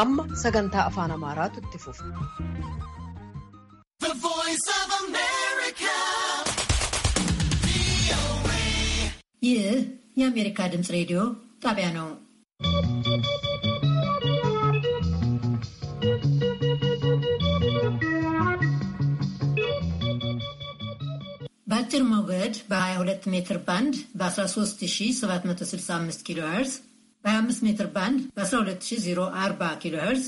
amma sagantaa afaan amaaraatu itti fufu. ይህ የአሜሪካ ድምፅ ሬዲዮ ጣቢያ ነው። በአጭር ሞገድ በ22 ሜትር ባንድ በ13765 ኪሎ ሄርዝ በ25 ሜትር ባንድ በ12040 ኪሎ ሄርዝ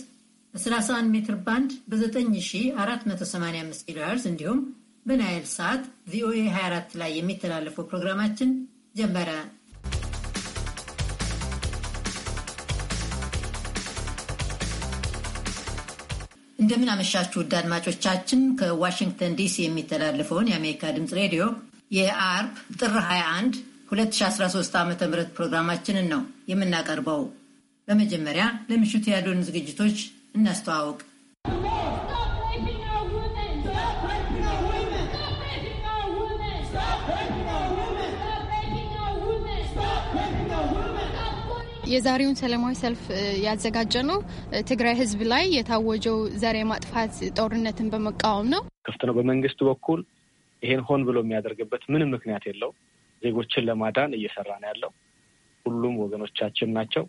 በ31 ሜትር ባንድ በ9485 ኪሎ ሄርዝ እንዲሁም በናይል ሰዓት ቪኦኤ 24 ላይ የሚተላለፈው ፕሮግራማችን ጀመረ። እንደምን አመሻችሁ ውድ አድማጮቻችን። ከዋሽንግተን ዲሲ የሚተላለፈውን የአሜሪካ ድምፅ ሬዲዮ የአርብ ጥር 21 2013 ዓ ም ፕሮግራማችንን ነው የምናቀርበው። በመጀመሪያ ለምሽቱ ያሉን ዝግጅቶች እናስተዋውቅ። የዛሬውን ሰላማዊ ሰልፍ ያዘጋጀ ነው ትግራይ ህዝብ ላይ የታወጀው ዘር የማጥፋት ጦርነትን በመቃወም ነው። ክፍት ነው። በመንግስት በኩል ይሄን ሆን ብሎ የሚያደርግበት ምንም ምክንያት የለው። ዜጎችን ለማዳን እየሰራ ነው ያለው። ሁሉም ወገኖቻችን ናቸው።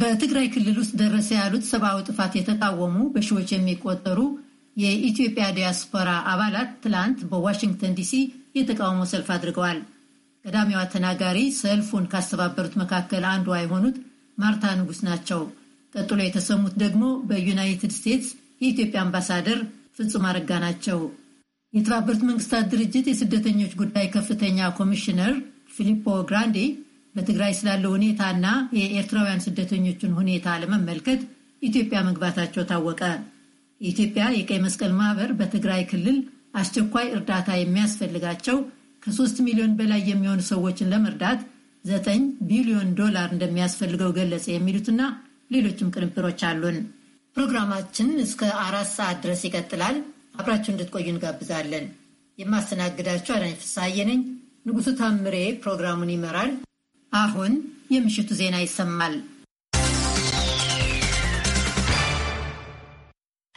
በትግራይ ክልል ውስጥ ደረሰ ያሉት ሰብአዊ ጥፋት የተቃወሙ በሺዎች የሚቆጠሩ የኢትዮጵያ ዲያስፖራ አባላት ትላንት በዋሽንግተን ዲሲ የተቃውሞ ሰልፍ አድርገዋል። ቀዳሚዋ ተናጋሪ ሰልፉን ካስተባበሩት መካከል አንዷ የሆኑት ማርታ ንጉስ ናቸው። ቀጥሎ የተሰሙት ደግሞ በዩናይትድ ስቴትስ የኢትዮጵያ አምባሳደር ፍጹም አረጋ ናቸው። የተባበሩት መንግስታት ድርጅት የስደተኞች ጉዳይ ከፍተኛ ኮሚሽነር ፊሊፖ ግራንዴ በትግራይ ስላለው ሁኔታና የኤርትራውያን ስደተኞችን ሁኔታ ለመመልከት ኢትዮጵያ መግባታቸው ታወቀ። የኢትዮጵያ የቀይ መስቀል ማህበር በትግራይ ክልል አስቸኳይ እርዳታ የሚያስፈልጋቸው ከሶስት ሚሊዮን በላይ የሚሆኑ ሰዎችን ለመርዳት ዘጠኝ ቢሊዮን ዶላር እንደሚያስፈልገው ገለጸ። የሚሉትና ሌሎችም ቅንብሮች አሉን። ፕሮግራማችን እስከ አራት ሰዓት ድረስ ይቀጥላል። አብራችሁ እንድትቆዩ እንጋብዛለን። የማስተናግዳችሁ አዳኝ ፍስሐዬ ነኝ። ንጉሱ ታምሬ ፕሮግራሙን ይመራል። አሁን የምሽቱ ዜና ይሰማል።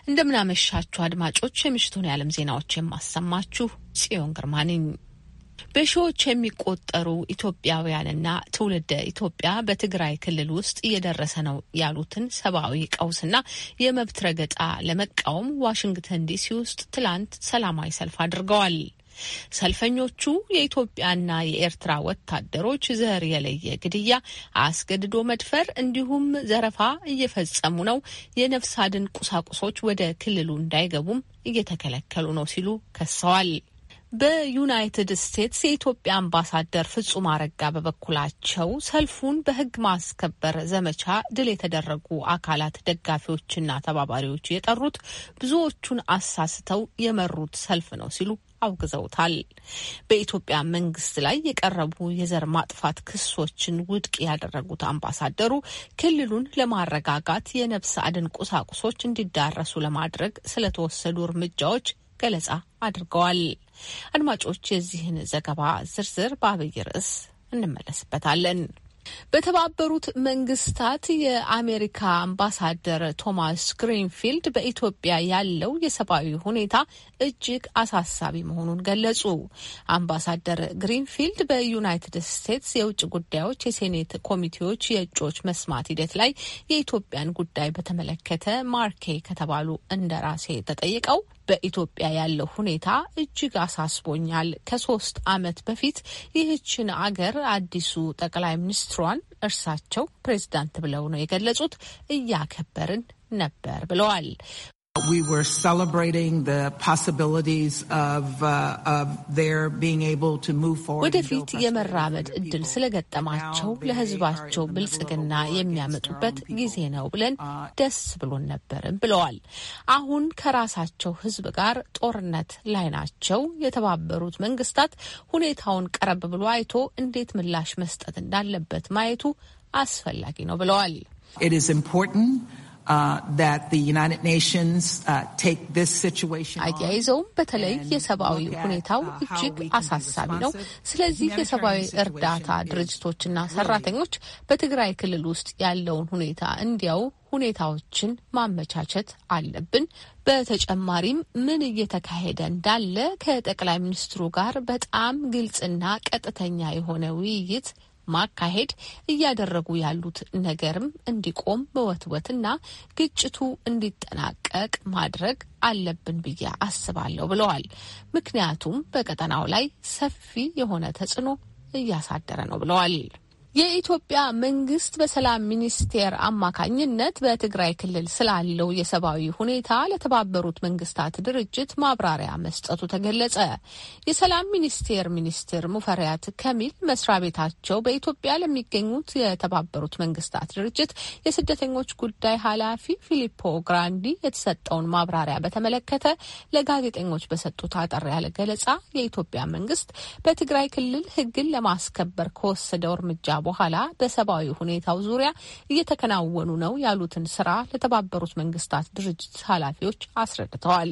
እንደምናመሻችሁ አድማጮች፣ የምሽቱን የዓለም ዜናዎች የማሰማችሁ ጽዮን ግርማ ነኝ። በሺዎች የሚቆጠሩ ኢትዮጵያውያንና ትውልደ ኢትዮጵያ በትግራይ ክልል ውስጥ እየደረሰ ነው ያሉትን ሰብአዊ ቀውስና የመብት ረገጣ ለመቃወም ዋሽንግተን ዲሲ ውስጥ ትላንት ሰላማዊ ሰልፍ አድርገዋል። ሰልፈኞቹ የኢትዮጵያና የኤርትራ ወታደሮች ዘር የለየ ግድያ፣ አስገድዶ መድፈር እንዲሁም ዘረፋ እየፈጸሙ ነው፣ የነፍስ አድን ቁሳቁሶች ወደ ክልሉ እንዳይገቡም እየተከለከሉ ነው ሲሉ ከሰዋል። በዩናይትድ ስቴትስ የኢትዮጵያ አምባሳደር ፍጹም አረጋ በበኩላቸው ሰልፉን በሕግ ማስከበር ዘመቻ ድል የተደረጉ አካላት ደጋፊዎችና ተባባሪዎች የጠሩት ብዙዎቹን አሳስተው የመሩት ሰልፍ ነው ሲሉ አውግዘውታል። በኢትዮጵያ መንግስት ላይ የቀረቡ የዘር ማጥፋት ክሶችን ውድቅ ያደረጉት አምባሳደሩ ክልሉን ለማረጋጋት የነፍስ አድን ቁሳቁሶች እንዲዳረሱ ለማድረግ ስለተወሰዱ እርምጃዎች ገለጻ አድርገዋል። አድማጮች፣ የዚህን ዘገባ ዝርዝር በአብይ ርዕስ እንመለስበታለን። በተባበሩት መንግስታት የአሜሪካ አምባሳደር ቶማስ ግሪንፊልድ በኢትዮጵያ ያለው የሰብአዊ ሁኔታ እጅግ አሳሳቢ መሆኑን ገለጹ። አምባሳደር ግሪንፊልድ በዩናይትድ ስቴትስ የውጭ ጉዳዮች የሴኔት ኮሚቴዎች የእጩዎች መስማት ሂደት ላይ የኢትዮጵያን ጉዳይ በተመለከተ ማርኬ ከተባሉ እንደራሴ ተጠይቀው በኢትዮጵያ ያለው ሁኔታ እጅግ አሳስቦኛል። ከሶስት አመት በፊት ይህችን አገር አዲሱ ጠቅላይ ሚኒስትሯን እርሳቸው ፕሬዝዳንት ብለው ነው የገለጹት እያከበርን ነበር ብለዋል። We were celebrating the possibilities of, uh, of their being able to move forward. ወደፊት የመራመድ እድል ስለገጠማቸው ለህዝባቸው ብልጽግና የሚያመጡበት ጊዜ ነው ብለን uh, ደስ ብሎን ነበርም ብለዋል። አሁን ከራሳቸው ህዝብ ጋር ጦርነት ላይ ናቸው። የተባበሩት መንግስታት ሁኔታውን ቀረብ ብሎ አይቶ እንዴት ምላሽ መስጠት እንዳለበት ማየቱ አስፈላጊ ነው ብለዋል። It is important Uh, uh, አያይዘውም በተለይ የሰብአዊ ሁኔታው uh, እጅግ አሳሳቢ ነው። ስለዚህ የሰብአዊ እርዳታ ድርጅቶችና ሰራተኞች በትግራይ ክልል ውስጥ ያለውን ሁኔታ እንዲያው ሁኔታዎችን ማመቻቸት አለብን። በተጨማሪም ምን እየተካሄደ እንዳለ ከጠቅላይ ሚኒስትሩ ጋር በጣም ግልጽና ቀጥተኛ የሆነ ውይይት ማካሄድ እያደረጉ ያሉት ነገርም እንዲቆም መወትወትና ግጭቱ እንዲጠናቀቅ ማድረግ አለብን ብዬ አስባለሁ ብለዋል። ምክንያቱም በቀጠናው ላይ ሰፊ የሆነ ተጽዕኖ እያሳደረ ነው ብለዋል። የኢትዮጵያ መንግስት በሰላም ሚኒስቴር አማካኝነት በትግራይ ክልል ስላለው የሰብአዊ ሁኔታ ለተባበሩት መንግስታት ድርጅት ማብራሪያ መስጠቱ ተገለጸ። የሰላም ሚኒስቴር ሚኒስትር ሙፈሪያት ከሚል መስሪያ ቤታቸው በኢትዮጵያ ለሚገኙት የተባበሩት መንግስታት ድርጅት የስደተኞች ጉዳይ ኃላፊ ፊሊፖ ግራንዲ የተሰጠውን ማብራሪያ በተመለከተ ለጋዜጠኞች በሰጡት አጠር ያለ ገለጻ የኢትዮጵያ መንግስት በትግራይ ክልል ህግን ለማስከበር ከወሰደው እርምጃ በኋላ በሰብአዊ ሁኔታው ዙሪያ እየተከናወኑ ነው ያሉትን ስራ ለተባበሩት መንግስታት ድርጅት ኃላፊዎች አስረድተዋል።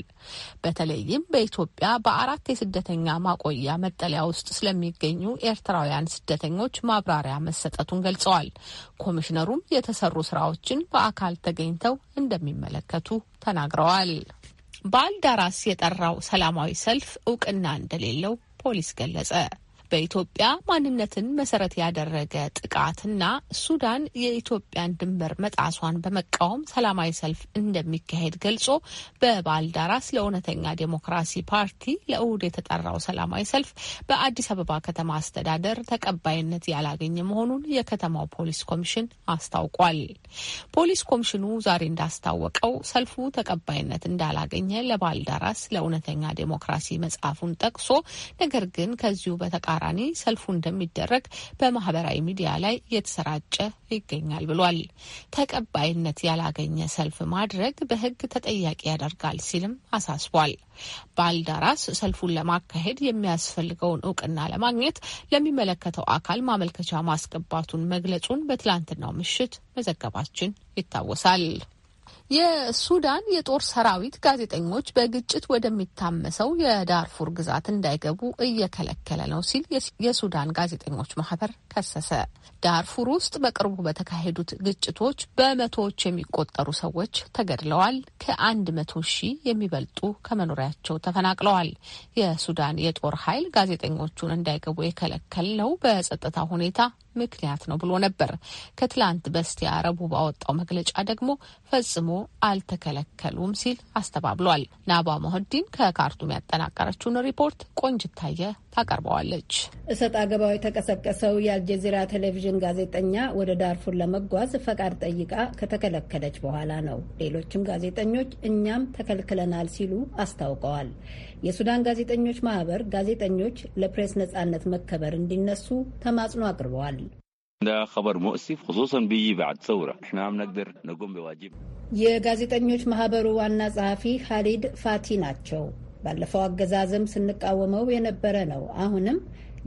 በተለይም በኢትዮጵያ በአራት የስደተኛ ማቆያ መጠለያ ውስጥ ስለሚገኙ ኤርትራውያን ስደተኞች ማብራሪያ መሰጠቱን ገልጸዋል። ኮሚሽነሩም የተሰሩ ስራዎችን በአካል ተገኝተው እንደሚመለከቱ ተናግረዋል። ባልደራስ የጠራው ሰላማዊ ሰልፍ እውቅና እንደሌለው ፖሊስ ገለጸ። በኢትዮጵያ ማንነትን መሰረት ያደረገ ጥቃትና ሱዳን የኢትዮጵያን ድንበር መጣሷን በመቃወም ሰላማዊ ሰልፍ እንደሚካሄድ ገልጾ በባልዳራስ ለእውነተኛ ዴሞክራሲ ፓርቲ ለእሁድ የተጠራው ሰላማዊ ሰልፍ በአዲስ አበባ ከተማ አስተዳደር ተቀባይነት ያላገኘ መሆኑን የከተማው ፖሊስ ኮሚሽን አስታውቋል። ፖሊስ ኮሚሽኑ ዛሬ እንዳስታወቀው ሰልፉ ተቀባይነት እንዳላገኘ ለባልዳራስ ለእውነተኛ ዴሞክራሲ መጽሐፉን ጠቅሶ ነገር ግን ከዚሁ በተቃ ተቃራኒ ሰልፉ እንደሚደረግ በማህበራዊ ሚዲያ ላይ እየተሰራጨ ይገኛል ብሏል። ተቀባይነት ያላገኘ ሰልፍ ማድረግ በህግ ተጠያቂ ያደርጋል ሲልም አሳስቧል። ባልደራስ ሰልፉን ለማካሄድ የሚያስፈልገውን እውቅና ለማግኘት ለሚመለከተው አካል ማመልከቻ ማስገባቱን መግለጹን በትላንትናው ምሽት መዘገባችን ይታወሳል። የሱዳን የጦር ሰራዊት ጋዜጠኞች በግጭት ወደሚታመሰው የዳርፉር ግዛት እንዳይገቡ እየከለከለ ነው ሲል የሱዳን ጋዜጠኞች ማህበር ከሰሰ። ዳርፉር ውስጥ በቅርቡ በተካሄዱት ግጭቶች በመቶዎች የሚቆጠሩ ሰዎች ተገድለዋል። ከአንድ መቶ ሺህ የሚበልጡ ከመኖሪያቸው ተፈናቅለዋል። የሱዳን የጦር ኃይል ጋዜጠኞቹን እንዳይገቡ የከለከለው በጸጥታ ሁኔታ ምክንያት ነው ብሎ ነበር። ከትላንት በስቲያ ረቡዕ ባወጣው መግለጫ ደግሞ ፈጽሞ አልተከለከሉም ሲል አስተባብሏል። ናባ መሆዲን ከካርቱም ያጠናቀረችውን ሪፖርት ቆንጅታየ ታቀርበዋለች። እሰጥ አገባው የተቀሰቀሰው የአልጀዚራ ቴሌቪዥን ጋዜጠኛ ወደ ዳርፉር ለመጓዝ ፈቃድ ጠይቃ ከተከለከለች በኋላ ነው። ሌሎችም ጋዜጠኞች እኛም ተከልክለናል ሲሉ አስታውቀዋል። የሱዳን ጋዜጠኞች ማህበር ጋዜጠኞች ለፕሬስ ነጻነት መከበር እንዲነሱ ተማጽኖ አቅርበዋል። የጋዜጠኞች ማህበሩ ዋና ጸሐፊ ሀሊድ ፋቲ ናቸው። ባለፈው አገዛዝም ስንቃወመው የነበረ ነው። አሁንም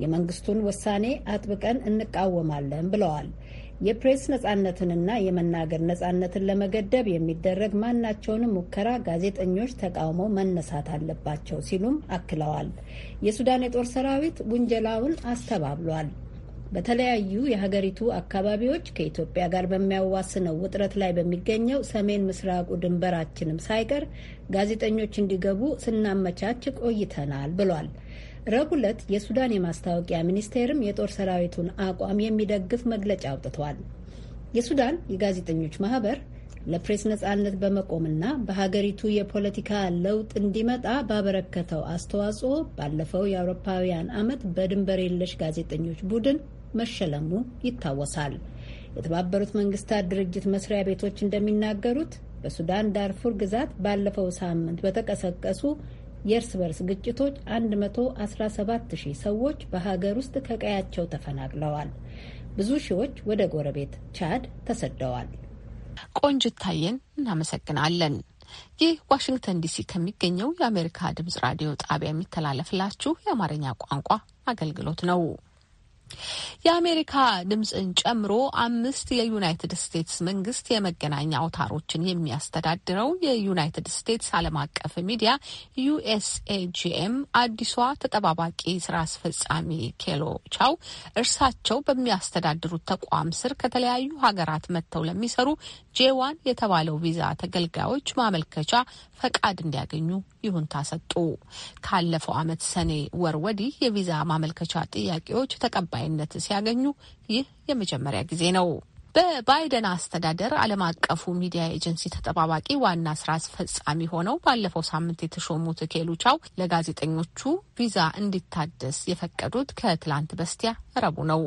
የመንግስቱን ውሳኔ አጥብቀን እንቃወማለን ብለዋል። የፕሬስ ነጻነትንና የመናገር ነጻነትን ለመገደብ የሚደረግ ማናቸውንም ሙከራ ጋዜጠኞች ተቃውሞ መነሳት አለባቸው ሲሉም አክለዋል። የሱዳን የጦር ሰራዊት ውንጀላውን አስተባብሏል። በተለያዩ የሀገሪቱ አካባቢዎች ከኢትዮጵያ ጋር በሚያዋስነው ውጥረት ላይ በሚገኘው ሰሜን ምስራቁ ድንበራችንም ሳይቀር ጋዜጠኞች እንዲገቡ ስናመቻች ቆይተናል ብሏል። ረቡዕ ዕለት የሱዳን የማስታወቂያ ሚኒስቴርም የጦር ሰራዊቱን አቋም የሚደግፍ መግለጫ አውጥቷል። የሱዳን የጋዜጠኞች ማህበር ለፕሬስ ነጻነት በመቆምና በሀገሪቱ የፖለቲካ ለውጥ እንዲመጣ ባበረከተው አስተዋጽኦ ባለፈው የአውሮፓውያን ዓመት በድንበር የለሽ ጋዜጠኞች ቡድን መሸለሙ ይታወሳል። የተባበሩት መንግስታት ድርጅት መስሪያ ቤቶች እንደሚናገሩት በሱዳን ዳርፉር ግዛት ባለፈው ሳምንት በተቀሰቀሱ የእርስ በርስ ግጭቶች 117 ሺህ ሰዎች በሀገር ውስጥ ከቀያቸው ተፈናቅለዋል። ብዙ ሺዎች ወደ ጎረቤት ቻድ ተሰደዋል። ቆንጅታየን እናመሰግናለን። ይህ ዋሽንግተን ዲሲ ከሚገኘው የአሜሪካ ድምጽ ራዲዮ ጣቢያ የሚተላለፍላችሁ የአማርኛ ቋንቋ አገልግሎት ነው። የአሜሪካ ድምፅን ጨምሮ አምስት የዩናይትድ ስቴትስ መንግስት የመገናኛ አውታሮችን የሚያስተዳድረው የዩናይትድ ስቴትስ ዓለም አቀፍ ሚዲያ ዩኤስኤጂኤም አዲሷ ተጠባባቂ ስራ አስፈጻሚ ኬሎ ቻው እርሳቸው በሚያስተዳድሩት ተቋም ስር ከተለያዩ ሀገራት መጥተው ለሚሰሩ ጄዋን የተባለው ቪዛ ተገልጋዮች ማመልከቻ ፈቃድ እንዲያገኙ ይሁንታ ሰጡ። ካለፈው ዓመት ሰኔ ወር ወዲህ የቪዛ ማመልከቻ ጥያቄዎች ተቀባይ ተቀባይነት ሲያገኙ ይህ የመጀመሪያ ጊዜ ነው። በባይደን አስተዳደር ዓለም አቀፉ ሚዲያ ኤጀንሲ ተጠባባቂ ዋና ስራ አስፈጻሚ ሆነው ባለፈው ሳምንት የተሾሙት ኬሉቻው ለጋዜጠኞቹ ቪዛ እንዲታደስ የፈቀዱት ከትላንት በስቲያ ረቡ ነው።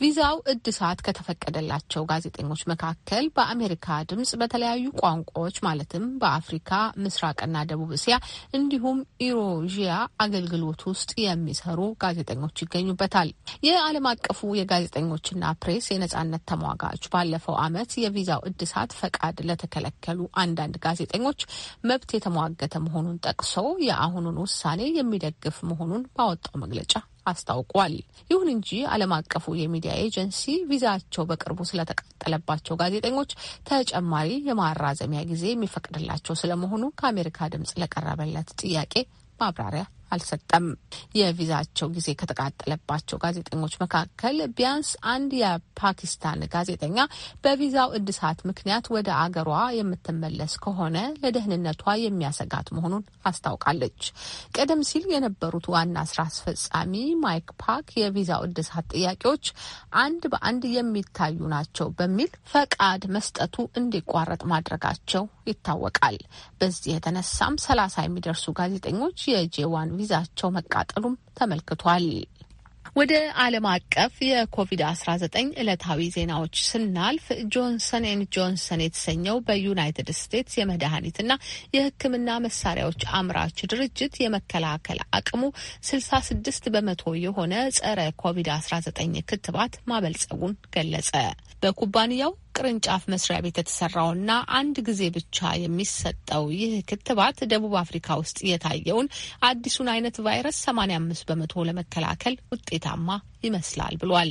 ቪዛው እድሳት ከተፈቀደላቸው ጋዜጠኞች መካከል በአሜሪካ ድምጽ በተለያዩ ቋንቋዎች ማለትም በአፍሪካ ምስራቅና ደቡብ እስያ እንዲሁም ኢሮዥያ አገልግሎት ውስጥ የሚሰሩ ጋዜጠኞች ይገኙበታል። የዓለም አቀፉ የጋዜጠኞችና ፕሬስ የነጻነት ተሟጋች ባለፈው ዓመት የቪዛው እድሳት ፈቃድ ለተከለከሉ አንዳንድ ጋዜጠኞች መብት የተሟገተ መሆኑን ጠቅሶ የአሁኑን ውሳኔ የሚደግፍ መሆኑን ባወጣው መግለጫ አስታውቋል። ይሁን እንጂ ዓለም አቀፉ የሚዲያ ኤጀንሲ ቪዛቸው በቅርቡ ስለተቃጠለባቸው ጋዜጠኞች ተጨማሪ የማራዘሚያ ጊዜ የሚፈቅድላቸው ስለመሆኑ ከአሜሪካ ድምጽ ለቀረበለት ጥያቄ ማብራሪያ አልሰጠም። የቪዛቸው ጊዜ ከተቃጠለባቸው ጋዜጠኞች መካከል ቢያንስ አንድ የፓኪስታን ጋዜጠኛ በቪዛው እድሳት ምክንያት ወደ አገሯ የምትመለስ ከሆነ ለደህንነቷ የሚያሰጋት መሆኑን አስታውቃለች። ቀደም ሲል የነበሩት ዋና ስራ አስፈጻሚ ማይክ ፓክ የቪዛው እድሳት ጥያቄዎች አንድ በአንድ የሚታዩ ናቸው በሚል ፈቃድ መስጠቱ እንዲቋረጥ ማድረጋቸው ይታወቃል። በዚህ የተነሳም ሰላሳ የሚደርሱ ጋዜጠኞች የጄዋን ቪዛቸው መቃጠሉም ተመልክቷል። ወደ ዓለም አቀፍ የኮቪድ-19 ዕለታዊ ዜናዎች ስናልፍ ጆንሰን ኤንድ ጆንሰን የተሰኘው በዩናይትድ ስቴትስ የመድኃኒትና የሕክምና መሳሪያዎች አምራች ድርጅት የመከላከል አቅሙ 66 በመቶ የሆነ ጸረ ኮቪድ-19 ክትባት ማበልጸጉን ገለጸ። በኩባንያው ቅርንጫፍ መስሪያ ቤት የተሰራውና አንድ ጊዜ ብቻ የሚሰጠው ይህ ክትባት ደቡብ አፍሪካ ውስጥ የታየውን አዲሱን አይነት ቫይረስ 85 በመቶ ለመከላከል ውጤታማ ይመስላል ብሏል።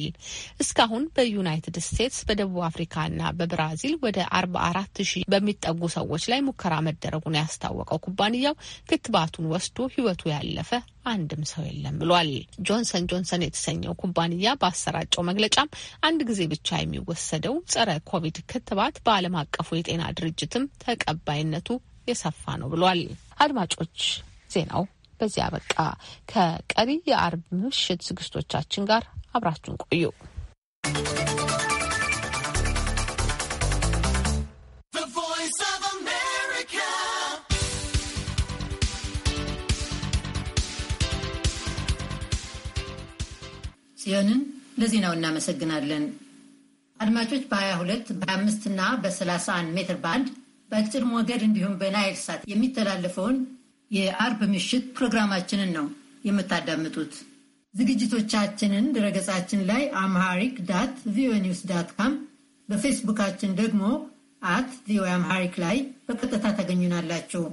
እስካሁን በዩናይትድ ስቴትስ በደቡብ አፍሪካና በብራዚል ወደ 44 ሺህ በሚጠጉ ሰዎች ላይ ሙከራ መደረጉን ያስታወቀው ኩባንያው ክትባቱን ወስዶ ሕይወቱ ያለፈ አንድም ሰው የለም ብሏል። ጆንሰን ጆንሰን የተሰኘው ኩባንያ ባሰራጨው መግለጫም አንድ ጊዜ ብቻ የሚወሰደው ጸረ የኮቪድ ክትባት በዓለም አቀፉ የጤና ድርጅትም ተቀባይነቱ የሰፋ ነው ብሏል። አድማጮች ዜናው በዚያ አበቃ። ከቀሪ የአርብ ምሽት ዝግጅቶቻችን ጋር አብራችሁን ቆዩ። ጽዮንን ለዜናው እናመሰግናለን። አድማጮች በ22 በ25 እና በ31 ሜትር ባንድ በአጭር ሞገድ እንዲሁም በናይል ሳት የሚተላለፈውን የአርብ ምሽት ፕሮግራማችንን ነው የምታዳምጡት። ዝግጅቶቻችንን ድረገጻችን ላይ አምሃሪክ ዳት ቪኦኤ ኒውስ ዳት ካም፣ በፌስቡካችን ደግሞ አት ቪኦኤ አምሃሪክ ላይ በቀጥታ ታገኙናላችሁ።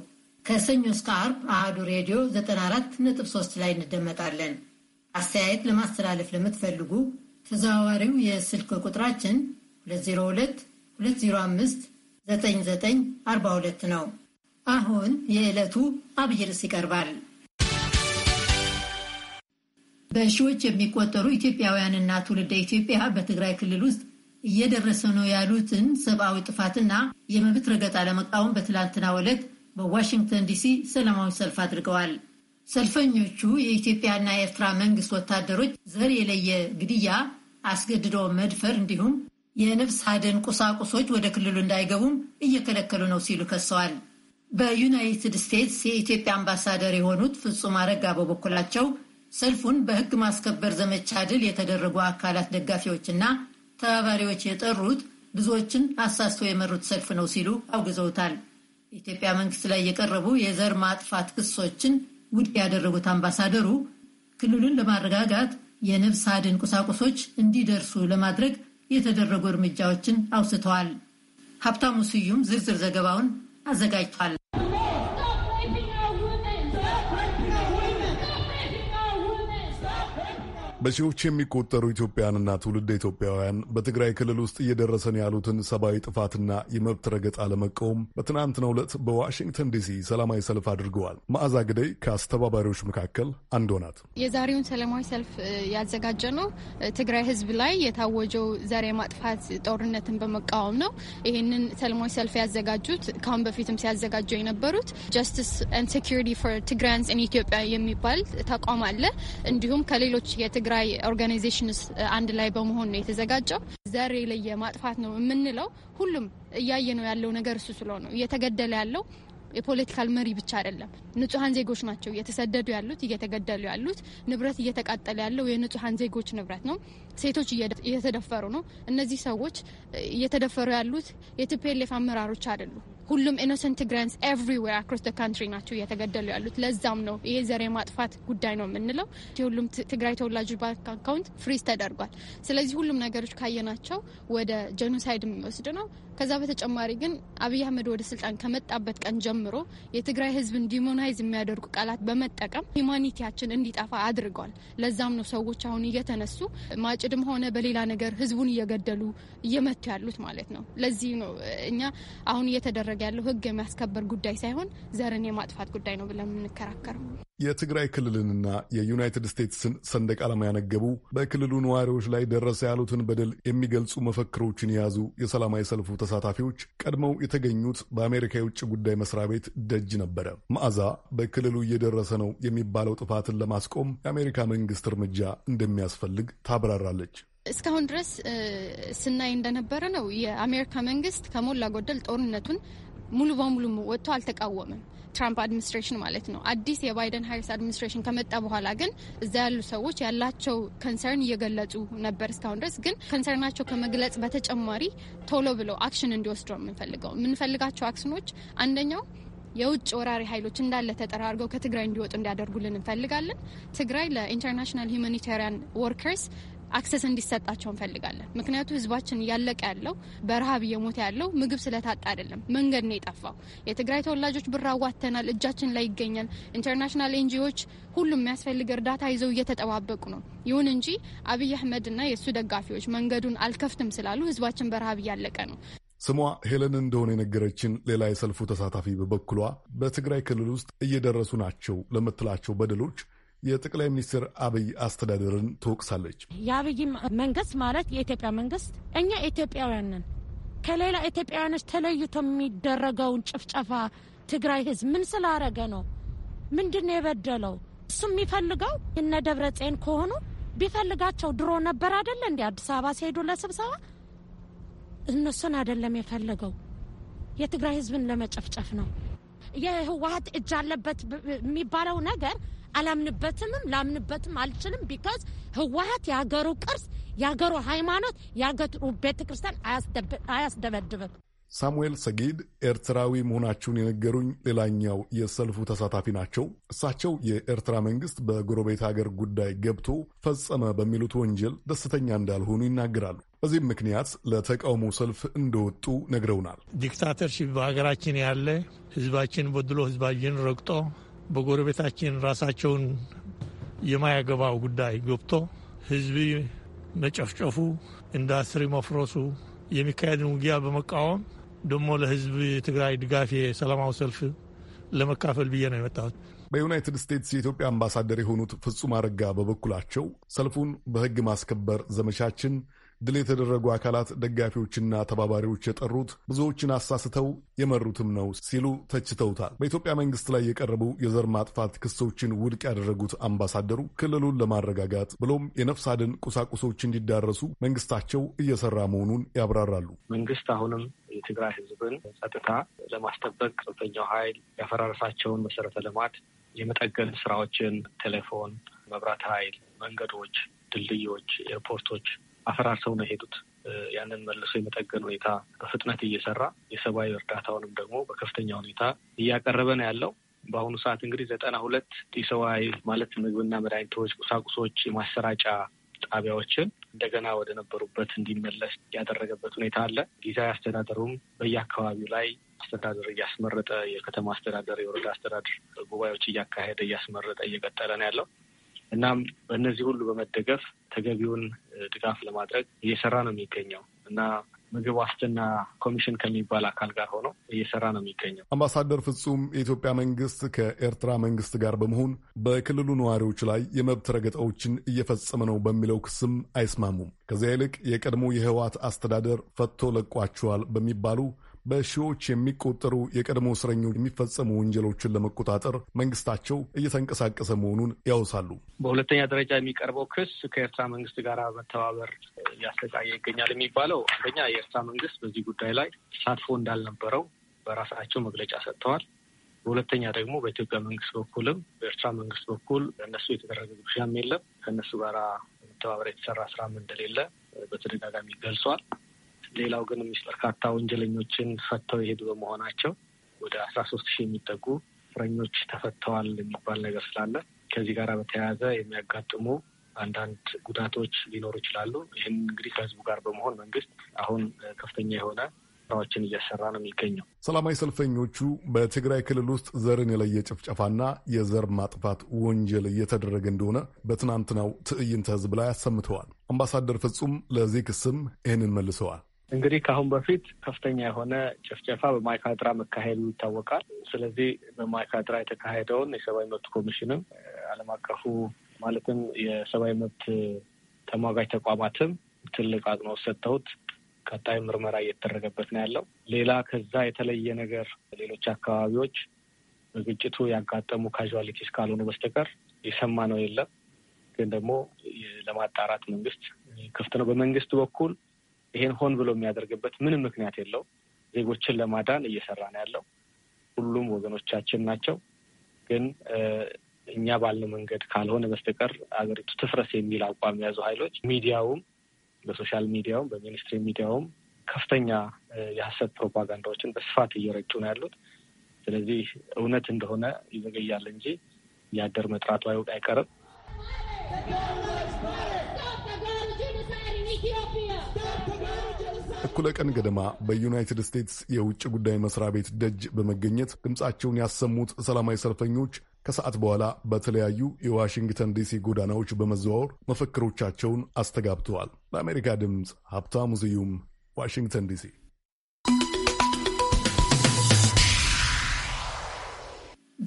ከሰኞ እስከ አርብ አህዱ ሬዲዮ 94.3 ላይ እንደመጣለን። አስተያየት ለማስተላለፍ ለምትፈልጉ ተዘዋዋሪው የስልክ ቁጥራችን 2022059942 ነው። አሁን የዕለቱ አብይ ርዕስ ይቀርባል። በሺዎች የሚቆጠሩ ኢትዮጵያውያንና ትውልደ ኢትዮጵያ በትግራይ ክልል ውስጥ እየደረሰ ነው ያሉትን ሰብአዊ ጥፋትና የመብት ረገጣ ለመቃወም በትላንትናው ዕለት በዋሽንግተን ዲሲ ሰላማዊ ሰልፍ አድርገዋል። ሰልፈኞቹ የኢትዮጵያና የኤርትራ መንግስት ወታደሮች ዘር የለየ ግድያ፣ አስገድዶ መድፈር እንዲሁም የነፍስ አድን ቁሳቁሶች ወደ ክልሉ እንዳይገቡም እየከለከሉ ነው ሲሉ ከሰዋል። በዩናይትድ ስቴትስ የኢትዮጵያ አምባሳደር የሆኑት ፍጹም አረጋ በበኩላቸው ሰልፉን በህግ ማስከበር ዘመቻ ድል የተደረጉ አካላት ደጋፊዎችና ተባባሪዎች የጠሩት ብዙዎችን አሳስቶ የመሩት ሰልፍ ነው ሲሉ አውግዘውታል። የኢትዮጵያ መንግስት ላይ የቀረቡ የዘር ማጥፋት ክሶችን ውድቅ ያደረጉት አምባሳደሩ ክልሉን ለማረጋጋት የነፍስ አድን ቁሳቁሶች እንዲደርሱ ለማድረግ የተደረጉ እርምጃዎችን አውስተዋል። ሀብታሙ ስዩም ዝርዝር ዘገባውን አዘጋጅቷል። በሺዎች የሚቆጠሩ ኢትዮጵያውያንና ትውልድ ኢትዮጵያውያን በትግራይ ክልል ውስጥ እየደረሰን ያሉትን ሰብአዊ ጥፋትና የመብት ረገጣ ለመቃወም በትናንትናው ዕለት በዋሽንግተን ዲሲ ሰላማዊ ሰልፍ አድርገዋል። መዓዛ ግደይ ከአስተባባሪዎች መካከል አንዷ ናት። የዛሬውን ሰላማዊ ሰልፍ ያዘጋጀ ነው ትግራይ ህዝብ ላይ የታወጀው ዘር የማጥፋት ጦርነትን በመቃወም ነው። ይህንን ሰላማዊ ሰልፍ ያዘጋጁት ከአሁን በፊትም ሲያዘጋጁ የነበሩት ጀስቲስ ኤንድ ሴኩሪቲ ፎር ትግራያንስ ኢን ኢትዮጵያ የሚባል ተቋም አለ። እንዲሁም ከሌሎች የትግራ ትግራይ ኦርጋናይዜሽንስ አንድ ላይ በመሆን ነው የተዘጋጀው። ዘር የለየ ማጥፋት ነው የምንለው ሁሉም እያየ ነው ያለው ነገር እሱ ስለሆነ ነው እየተገደለ ያለው የፖለቲካል መሪ ብቻ አይደለም። ንጹሀን ዜጎች ናቸው እየተሰደዱ ያሉት፣ እየተገደሉ ያሉት። ንብረት እየተቃጠለ ያለው የንጹሀን ዜጎች ንብረት ነው። ሴቶች እየተደፈሩ ነው። እነዚህ ሰዎች እየተደፈሩ ያሉት የቲፒኤልኤፍ አመራሮች አይደሉም። ሁሉም ኢኖሰንት ትግራይንስ ኤቭሪዌር አክሮስ ካንትሪ ናቸው እየተገደሉ ያሉት። ለዛም ነው ይሄ ዘር የማጥፋት ጉዳይ ነው የምንለው። የሁሉም ትግራይ ተወላጆች ባንክ አካውንት ፍሪዝ ተደርጓል። ስለዚህ ሁሉም ነገሮች ካየናቸው ወደ ጄኖሳይድ የሚወስድ ነው። ከዛ በተጨማሪ ግን አብይ አህመድ ወደ ስልጣን ከመጣበት ቀን ጀምሮ የትግራይ ህዝብን ዲሞናይዝ የሚያደርጉ ቃላት በመጠቀም ሂማኒቲያችን እንዲጠፋ አድርጓል። ለዛም ነው ሰዎች አሁን እየተነሱ ማጭ በጭድም ሆነ በሌላ ነገር ህዝቡን እየገደሉ እየመቱ ያሉት ማለት ነው። ለዚህ ነው እኛ አሁን እየተደረገ ያለው ህግ የሚያስከበር ጉዳይ ሳይሆን ዘርን የማጥፋት ጉዳይ ነው ብለን የምንከራከረው። የትግራይ ክልልንና የዩናይትድ ስቴትስን ሰንደቅ ዓላማ ያነገቡ በክልሉ ነዋሪዎች ላይ ደረሰ ያሉትን በደል የሚገልጹ መፈክሮችን የያዙ የሰላማዊ ሰልፉ ተሳታፊዎች ቀድመው የተገኙት በአሜሪካ የውጭ ጉዳይ መስሪያ ቤት ደጅ ነበረ። መዓዛ በክልሉ እየደረሰ ነው የሚባለው ጥፋትን ለማስቆም የአሜሪካ መንግስት እርምጃ እንደሚያስፈልግ ታብራራ ትላለች። እስካሁን ድረስ ስናይ እንደነበረ ነው። የአሜሪካ መንግስት ከሞላ ጎደል ጦርነቱን ሙሉ በሙሉ ወጥቶ አልተቃወመም ትራምፕ አድሚኒስትሬሽን ማለት ነው። አዲስ የባይደን ሀሪስ አድሚኒስትሬሽን ከመጣ በኋላ ግን እዛ ያሉ ሰዎች ያላቸው ከንሰርን እየገለጹ ነበር። እስካሁን ድረስ ግን ከንሰርናቸው ከመግለጽ በተጨማሪ ቶሎ ብለው አክሽን እንዲወስዱ የምንፈልገው። የምንፈልጋቸው አክሽኖች አንደኛው የውጭ ወራሪ ኃይሎች እንዳለ ተጠራርገው ከትግራይ እንዲወጡ እንዲያደርጉልን እንፈልጋለን። ትግራይ ለኢንተርናሽናል ሁማኒታሪያን ወርከርስ አክሰስ እንዲሰጣቸው እንፈልጋለን። ምክንያቱ ህዝባችን እያለቀ ያለው በረሃብ እየሞተ ያለው ምግብ ስለታጣ አይደለም፣ መንገድ ነው የጠፋው። የትግራይ ተወላጆች ብር አዋተናል፣ እጃችን ላይ ይገኛል። ኢንተርናሽናል ኤንጂዎች ሁሉም የሚያስፈልግ እርዳታ ይዘው እየተጠባበቁ ነው። ይሁን እንጂ አብይ አህመድና የእሱ ደጋፊዎች መንገዱን አልከፍትም ስላሉ ህዝባችን በረሃብ እያለቀ ነው። ስሟ ሄለን እንደሆነ የነገረችን ሌላ የሰልፉ ተሳታፊ በበኩሏ በትግራይ ክልል ውስጥ እየደረሱ ናቸው ለምትላቸው በደሎች የጠቅላይ ሚኒስትር አብይ አስተዳደርን ትወቅሳለች። የአብይ መንግስት ማለት የኢትዮጵያ መንግስት እኛ ኢትዮጵያውያን ነን። ከሌላ ኢትዮጵያውያኖች ተለይቶ የሚደረገውን ጭፍጨፋ ትግራይ ህዝብ ምን ስላረገ ነው? ምንድን ነው የበደለው? እሱ የሚፈልገው እነ ደብረ ጽዮን ከሆኑ ቢፈልጋቸው ድሮ ነበር አደለ እንዲ አዲስ አበባ ሲሄዱ ለስብሰባ እነሱን አደለም የፈለገው የትግራይ ህዝብን ለመጨፍጨፍ ነው። የህወሀት እጅ አለበት የሚባለው ነገር አላምንበትምም ላምንበትም አልችልም። ቢካዝ ህወሀት የሀገሩ ቅርስ፣ የሀገሩ ሃይማኖት፣ የሀገሩ ቤተ ክርስቲያን አያስደበድብም። ሳሙኤል ሰጊድ ኤርትራዊ መሆናችሁን የነገሩኝ ሌላኛው የሰልፉ ተሳታፊ ናቸው። እሳቸው የኤርትራ መንግስት በጎረቤት ሀገር ጉዳይ ገብቶ ፈጸመ በሚሉት ወንጀል ደስተኛ እንዳልሆኑ ይናገራሉ። በዚህም ምክንያት ለተቃውሞ ሰልፍ እንደወጡ ነግረውናል። ዲክታተርሺፕ በሀገራችን ያለ ህዝባችን በድሎ ህዝባችን ረግጦ በጎረቤታችን ራሳቸውን የማያገባው ጉዳይ ገብቶ ህዝብ መጨፍጨፉ፣ ኢንዱስትሪ መፍረሱ፣ የሚካሄድን ውጊያ በመቃወም ደግሞ ለህዝብ ትግራይ ድጋፍ የሰላማዊ ሰልፍ ለመካፈል ብዬ ነው የመጣሁት። በዩናይትድ ስቴትስ የኢትዮጵያ አምባሳደር የሆኑት ፍጹም አረጋ በበኩላቸው ሰልፉን በህግ ማስከበር ዘመቻችን ድል የተደረጉ አካላት ደጋፊዎችና ተባባሪዎች የጠሩት ብዙዎችን አሳስተው የመሩትም ነው ሲሉ ተችተውታል። በኢትዮጵያ መንግስት ላይ የቀረቡ የዘር ማጥፋት ክሶችን ውድቅ ያደረጉት አምባሳደሩ ክልሉን ለማረጋጋት ብሎም የነፍስ አድን ቁሳቁሶች እንዲዳረሱ መንግስታቸው እየሰራ መሆኑን ያብራራሉ። መንግስት አሁንም የትግራይ ህዝብን ጸጥታ ለማስጠበቅ ጽንፈኛው ኃይል ያፈራረሳቸውን መሰረተ ልማት የመጠገን ስራዎችን ቴሌፎን፣ መብራት ኃይል፣ መንገዶች፣ ድልድዮች፣ ኤርፖርቶች አፈራርሰው ነው የሄዱት። ያንን መልሶ የመጠገን ሁኔታ በፍጥነት እየሰራ የሰብአዊ እርዳታውንም ደግሞ በከፍተኛ ሁኔታ እያቀረበ ነው ያለው። በአሁኑ ሰዓት እንግዲህ ዘጠና ሁለት ኢሰብአዊ ማለት ምግብና መድኃኒቶች፣ ቁሳቁሶች የማሰራጫ ጣቢያዎችን እንደገና ወደ ነበሩበት እንዲመለስ ያደረገበት ሁኔታ አለ። ጊዜያዊ አስተዳደሩም በየአካባቢው ላይ አስተዳደር እያስመረጠ የከተማ አስተዳደር፣ የወረዳ አስተዳደር ጉባኤዎች እያካሄደ እያስመረጠ እየቀጠለ ነው ያለው። እናም በእነዚህ ሁሉ በመደገፍ ተገቢውን ድጋፍ ለማድረግ እየሰራ ነው የሚገኘው እና ምግብ ዋስትና ኮሚሽን ከሚባል አካል ጋር ሆኖ እየሰራ ነው የሚገኘው። አምባሳደር ፍጹም የኢትዮጵያ መንግስት ከኤርትራ መንግስት ጋር በመሆን በክልሉ ነዋሪዎች ላይ የመብት ረገጣዎችን እየፈጸመ ነው በሚለው ክስም አይስማሙም። ከዚያ ይልቅ የቀድሞ የህወሓት አስተዳደር ፈቶ ለቋቸዋል በሚባሉ በሺዎች የሚቆጠሩ የቀድሞ እስረኞች የሚፈጸሙ ወንጀሎችን ለመቆጣጠር መንግስታቸው እየተንቀሳቀሰ መሆኑን ያውሳሉ። በሁለተኛ ደረጃ የሚቀርበው ክስ ከኤርትራ መንግስት ጋር መተባበር እያሰቃየ ይገኛል የሚባለው አንደኛ የኤርትራ መንግስት በዚህ ጉዳይ ላይ ተሳትፎ እንዳልነበረው በራሳቸው መግለጫ ሰጥተዋል። በሁለተኛ ደግሞ በኢትዮጵያ መንግስት በኩልም በኤርትራ መንግስት በኩል ለእነሱ የተደረገ ግብዣም የለም ከእነሱ ጋር መተባበር የተሰራ ስራም እንደሌለ በተደጋጋሚ ገልጿል። ሌላው ግን በርካታ ወንጀለኞችን ፈተው የሄዱ በመሆናቸው ወደ አስራ ሶስት ሺህ የሚጠጉ እስረኞች ተፈተዋል የሚባል ነገር ስላለ ከዚህ ጋር በተያያዘ የሚያጋጥሙ አንዳንድ ጉዳቶች ሊኖሩ ይችላሉ። ይህን እንግዲህ ከህዝቡ ጋር በመሆን መንግስት አሁን ከፍተኛ የሆነ ስራዎችን እያሰራ ነው የሚገኘው። ሰላማዊ ሰልፈኞቹ በትግራይ ክልል ውስጥ ዘርን የለየ ጭፍጨፋና የዘር ማጥፋት ወንጀል እየተደረገ እንደሆነ በትናንትናው ትዕይንተ ህዝብ ላይ አሰምተዋል። አምባሳደር ፍጹም ለዚህ ክስም ይህንን መልሰዋል። እንግዲህ ከአሁን በፊት ከፍተኛ የሆነ ጭፍጨፋ በማይካድራ መካሄዱ ይታወቃል። ስለዚህ በማይካድራ የተካሄደውን የሰብአዊ መብት ኮሚሽንም ዓለም አቀፉ ማለትም የሰብአዊ መብት ተሟጋጅ ተቋማትም ትልቅ አጽንኦት ሰጥተውት ቀጣይ ምርመራ እየተደረገበት ነው ያለው። ሌላ ከዛ የተለየ ነገር ሌሎች አካባቢዎች በግጭቱ ያጋጠሙ ካዥዋሊቲስ ካልሆኑ በስተቀር የሰማ ነው የለም። ግን ደግሞ ለማጣራት መንግስት ክፍት ነው። በመንግስት በኩል ይሄን ሆን ብሎ የሚያደርግበት ምንም ምክንያት የለው። ዜጎችን ለማዳን እየሰራ ነው ያለው። ሁሉም ወገኖቻችን ናቸው። ግን እኛ ባልነው መንገድ ካልሆነ በስተቀር አገሪቱ ትፍረስ የሚል አቋም የያዙ ኃይሎች ሚዲያውም፣ በሶሻል ሚዲያውም፣ በሚኒስትሪ ሚዲያውም ከፍተኛ የሀሰት ፕሮፓጋንዳዎችን በስፋት እየረጩ ነው ያሉት። ስለዚህ እውነት እንደሆነ ይዘገያል እንጂ የአደር መጥራቱ አይቀርም። እኩለ ቀን ገደማ በዩናይትድ ስቴትስ የውጭ ጉዳይ መስሪያ ቤት ደጅ በመገኘት ድምፃቸውን ያሰሙት ሰላማዊ ሰልፈኞች ከሰዓት በኋላ በተለያዩ የዋሽንግተን ዲሲ ጎዳናዎች በመዘዋወር መፈክሮቻቸውን አስተጋብተዋል። ለአሜሪካ ድምፅ ሀብታሙ ስዩም ዋሽንግተን ዲሲ።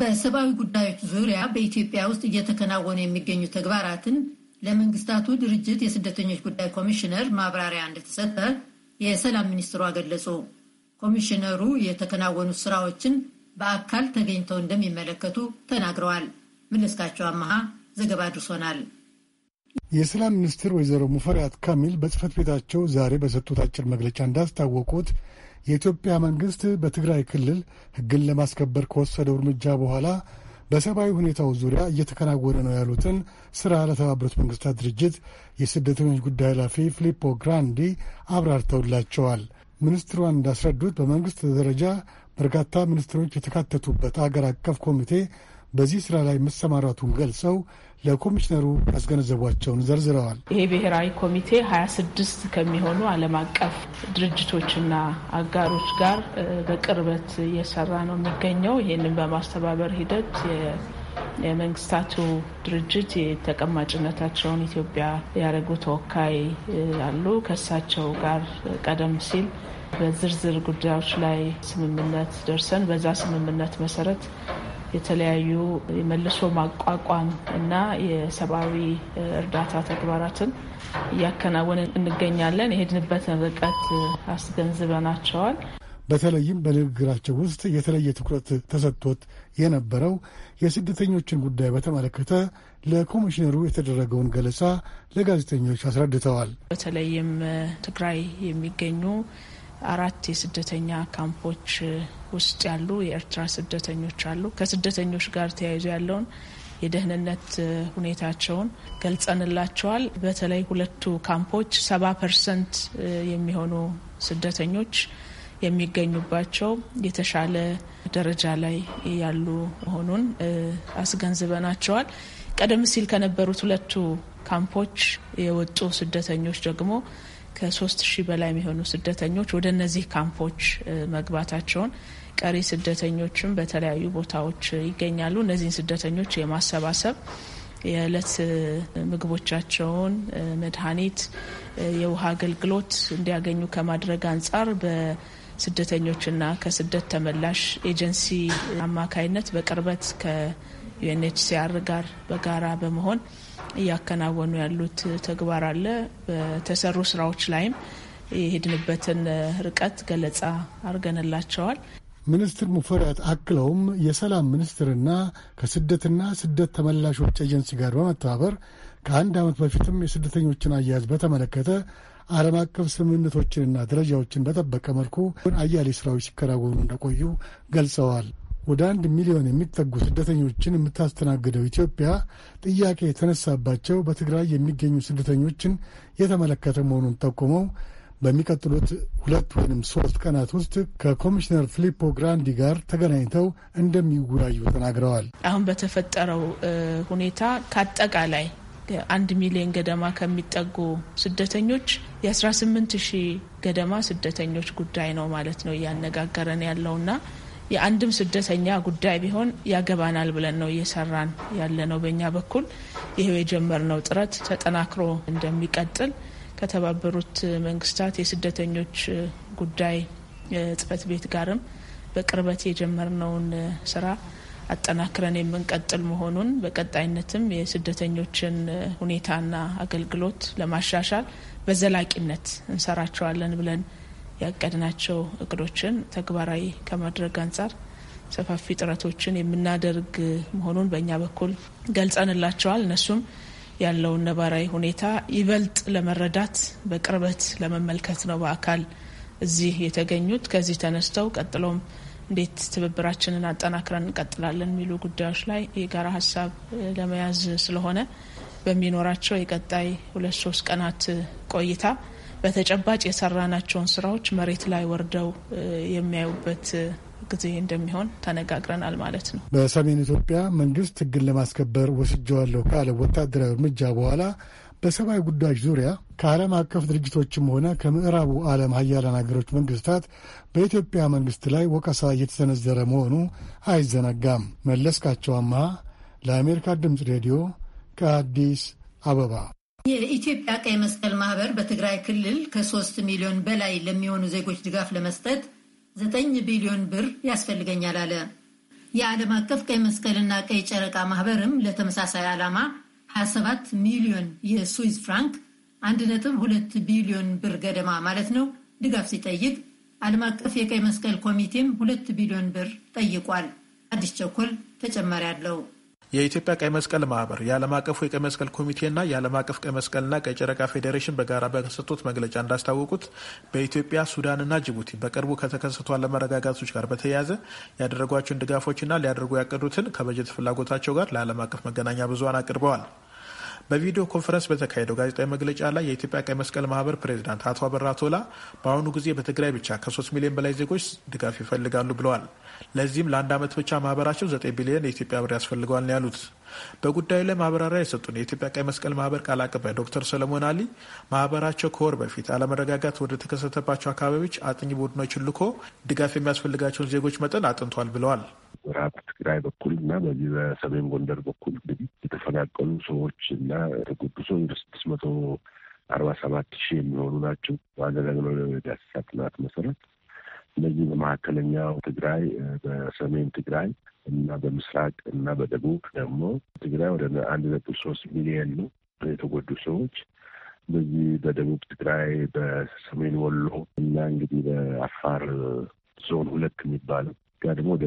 በሰብአዊ ጉዳዮች ዙሪያ በኢትዮጵያ ውስጥ እየተከናወኑ የሚገኙ ተግባራትን ለመንግስታቱ ድርጅት የስደተኞች ጉዳይ ኮሚሽነር ማብራሪያ እንደተሰጠ የሰላም ሚኒስትሯ ገለጹ። ኮሚሽነሩ የተከናወኑት ስራዎችን በአካል ተገኝተው እንደሚመለከቱ ተናግረዋል። መለስካቸው አመሃ ዘገባ አድርሶናል። የሰላም ሚኒስትር ወይዘሮ ሙፈሪያት ካሚል በጽህፈት ቤታቸው ዛሬ በሰጡት አጭር መግለጫ እንዳስታወቁት የኢትዮጵያ መንግስት በትግራይ ክልል ህግን ለማስከበር ከወሰደው እርምጃ በኋላ በሰብአዊ ሁኔታው ዙሪያ እየተከናወነ ነው ያሉትን ስራ ለተባበሩት መንግስታት ድርጅት የስደተኞች ጉዳይ ኃላፊ ፊሊፖ ግራንዲ አብራርተውላቸዋል። ሚኒስትሯን እንዳስረዱት በመንግስት ደረጃ በርካታ ሚኒስትሮች የተካተቱበት አገር አቀፍ ኮሚቴ በዚህ ስራ ላይ መሰማራቱን ገልጸው ለኮሚሽነሩ ያስገነዘቧቸውን ዘርዝረዋል። ይሄ ብሔራዊ ኮሚቴ ሀያ ስድስት ከሚሆኑ ዓለም አቀፍ ድርጅቶችና አጋሮች ጋር በቅርበት እየሰራ ነው የሚገኘው። ይህንን በማስተባበር ሂደት የመንግስታቱ ድርጅት የተቀማጭነታቸውን ኢትዮጵያ ያደረጉ ተወካይ አሉ። ከእሳቸው ጋር ቀደም ሲል በዝርዝር ጉዳዮች ላይ ስምምነት ደርሰን በዛ ስምምነት መሰረት የተለያዩ የመልሶ ማቋቋም እና የሰብአዊ እርዳታ ተግባራትን እያከናወን እንገኛለን። የሄድንበትን ርቀት አስገንዝበናቸዋል። በተለይም በንግግራቸው ውስጥ የተለየ ትኩረት ተሰጥቶት የነበረው የስደተኞችን ጉዳይ በተመለከተ ለኮሚሽነሩ የተደረገውን ገለጻ ለጋዜጠኞች አስረድተዋል። በተለይም ትግራይ የሚገኙ አራት የስደተኛ ካምፖች ውስጥ ያሉ የኤርትራ ስደተኞች አሉ። ከስደተኞች ጋር ተያይዞ ያለውን የደህንነት ሁኔታቸውን ገልጸንላቸዋል። በተለይ ሁለቱ ካምፖች ሰባ ፐርሰንት የሚሆኑ ስደተኞች የሚገኙባቸው የተሻለ ደረጃ ላይ ያሉ መሆኑን አስገንዝበናቸዋል። ቀደም ሲል ከነበሩት ሁለቱ ካምፖች የወጡ ስደተኞች ደግሞ ከሶስት ሺህ በላይ የሚሆኑ ስደተኞች ወደ እነዚህ ካምፖች መግባታቸውን ቀሪ ስደተኞችም በተለያዩ ቦታዎች ይገኛሉ። እነዚህን ስደተኞች የማሰባሰብ የዕለት ምግቦቻቸውን፣ መድኃኒት፣ የውሃ አገልግሎት እንዲያገኙ ከማድረግ አንጻር በስደተኞችና ከስደት ተመላሽ ኤጀንሲ አማካይነት በቅርበት ከዩኤንኤችሲአር ጋር በጋራ በመሆን እያከናወኑ ያሉት ተግባር አለ። በተሰሩ ስራዎች ላይም የሄድንበትን ርቀት ገለጻ አድርገንላቸዋል። ሚኒስትር ሙፈሪያት አክለውም የሰላም ሚኒስትርና ከስደትና ስደት ተመላሾች ኤጀንሲ ጋር በመተባበር ከአንድ ዓመት በፊትም የስደተኞችን አያያዝ በተመለከተ ዓለም አቀፍ ስምምነቶችንና ደረጃዎችን በጠበቀ መልኩ አያሌ ስራዎች ሲከናወኑ እንደቆዩ ገልጸዋል። ወደ አንድ ሚሊዮን የሚጠጉ ስደተኞችን የምታስተናግደው ኢትዮጵያ ጥያቄ የተነሳባቸው በትግራይ የሚገኙ ስደተኞችን የተመለከተ መሆኑን ጠቁመው በሚቀጥሉት ሁለት ወይም ሶስት ቀናት ውስጥ ከኮሚሽነር ፊሊፖ ግራንዲ ጋር ተገናኝተው እንደሚወያዩ ተናግረዋል። አሁን በተፈጠረው ሁኔታ ከአጠቃላይ አንድ ሚሊዮን ገደማ ከሚጠጉ ስደተኞች የ18 ሺህ ገደማ ስደተኞች ጉዳይ ነው ማለት ነው እያነጋገረን ያለውና የአንድም ስደተኛ ጉዳይ ቢሆን ያገባናል ብለን ነው እየሰራን ያለነው። በእኛ በኩል ይሄው የጀመርነው ጥረት ተጠናክሮ እንደሚቀጥል ከተባበሩት መንግስታት የስደተኞች ጉዳይ ጽፈት ቤት ጋርም በቅርበት የጀመርነውን ስራ አጠናክረን የምንቀጥል መሆኑን በቀጣይነትም የስደተኞችን ሁኔታና አገልግሎት ለማሻሻል በዘላቂነት እንሰራቸዋለን ብለን ያቀድናቸው እቅዶችን ተግባራዊ ከማድረግ አንጻር ሰፋፊ ጥረቶችን የምናደርግ መሆኑን በእኛ በኩል ገልጸንላቸዋል። እነሱም ያለውን ነባራዊ ሁኔታ ይበልጥ ለመረዳት በቅርበት ለመመልከት ነው በአካል እዚህ የተገኙት። ከዚህ ተነስተው ቀጥሎም እንዴት ትብብራችንን አጠናክረን እንቀጥላለን የሚሉ ጉዳዮች ላይ የጋራ ሀሳብ ለመያዝ ስለሆነ በሚኖራቸው የቀጣይ ሁለት ሶስት ቀናት ቆይታ በተጨባጭ የሰራናቸውን ስራዎች መሬት ላይ ወርደው የሚያዩበት ጊዜ እንደሚሆን ተነጋግረናል ማለት ነው። በሰሜን ኢትዮጵያ መንግስት ህግን ለማስከበር ወስጀዋለሁ ካለ ወታደራዊ እርምጃ በኋላ በሰብአዊ ጉዳዮች ዙሪያ ከዓለም አቀፍ ድርጅቶችም ሆነ ከምዕራቡ ዓለም ሀያላን ሀገሮች መንግስታት በኢትዮጵያ መንግስት ላይ ወቀሳ እየተሰነዘረ መሆኑ አይዘነጋም። መለስካቸው አምሃ ለአሜሪካ ድምፅ ሬዲዮ ከአዲስ አበባ የኢትዮጵያ ቀይ መስቀል ማህበር በትግራይ ክልል ከሶስት ሚሊዮን በላይ ለሚሆኑ ዜጎች ድጋፍ ለመስጠት ዘጠኝ ቢሊዮን ብር ያስፈልገኛል አለ። የዓለም አቀፍ ቀይ መስቀልና ቀይ ጨረቃ ማህበርም ለተመሳሳይ ዓላማ 27 ሚሊዮን የስዊዝ ፍራንክ 1.2 ቢሊዮን ብር ገደማ ማለት ነው ድጋፍ ሲጠይቅ ዓለም አቀፍ የቀይ መስቀል ኮሚቴም ሁለት ቢሊዮን ብር ጠይቋል። አዲስ ቸኮል ተጨማሪ አለው። የኢትዮጵያ ቀይ መስቀል ማህበር የዓለም አቀፉ የቀይ መስቀል ኮሚቴና የዓለም አቀፍ ቀይ መስቀልና ቀይ ጨረቃ ፌዴሬሽን በጋራ በሰጡት መግለጫ እንዳስታወቁት በኢትዮጵያ ሱዳንና ጅቡቲ በቅርቡ ከተከሰቱ አለመረጋጋቶች ጋር በተያያዘ ያደረጓቸውን ድጋፎችና ሊያደርጉ ያቀዱትን ከበጀት ፍላጎታቸው ጋር ለዓለም አቀፍ መገናኛ ብዙሀን አቅርበዋል። በቪዲዮ ኮንፈረንስ በተካሄደው ጋዜጣዊ መግለጫ ላይ የኢትዮጵያ ቀይ መስቀል ማህበር ፕሬዚዳንት አቶ አበራ ቶላ በአሁኑ ጊዜ በትግራይ ብቻ ከሶስት ሚሊዮን በላይ ዜጎች ድጋፍ ይፈልጋሉ ብለዋል። ለዚህም ለአንድ ዓመት ብቻ ማህበራቸው 9 ቢሊዮን የኢትዮጵያ ብር ያስፈልገዋል ነው ያሉት። በጉዳዩ ላይ ማብራሪያ የሰጡን የኢትዮጵያ ቀይ መስቀል ማህበር ቃል አቀባይ ዶክተር ሰለሞን አሊ ማህበራቸው ከወር በፊት አለመረጋጋት ወደ ተከሰተባቸው አካባቢዎች አጥኚ ቡድኖችን ልኮ ድጋፍ የሚያስፈልጋቸውን ዜጎች መጠን አጥንቷል ብለዋል። ምዕራብ ትግራይ በኩል እና በዚህ በሰሜን ጎንደር በኩል እንግዲህ የተፈናቀሉ ሰዎች እና የተጎዱ ሰው ወደ ስድስት መቶ አርባ ሰባት ሺህ የሚሆኑ ናቸው። ባደረግነው የዳሰሳ ጥናት መሰረት እነዚህ በመካከለኛው ትግራይ፣ በሰሜን ትግራይ እና በምስራቅ እና በደቡብ ደግሞ ትግራይ ወደ አንድ ነጥብ ሶስት ሚሊየን ነው የተጎዱ ሰዎች በዚህ በደቡብ ትግራይ በሰሜን ወሎ እና እንግዲህ በአፋር ዞን ሁለት የሚባለው ኢትዮጵያ ደግሞ ወደ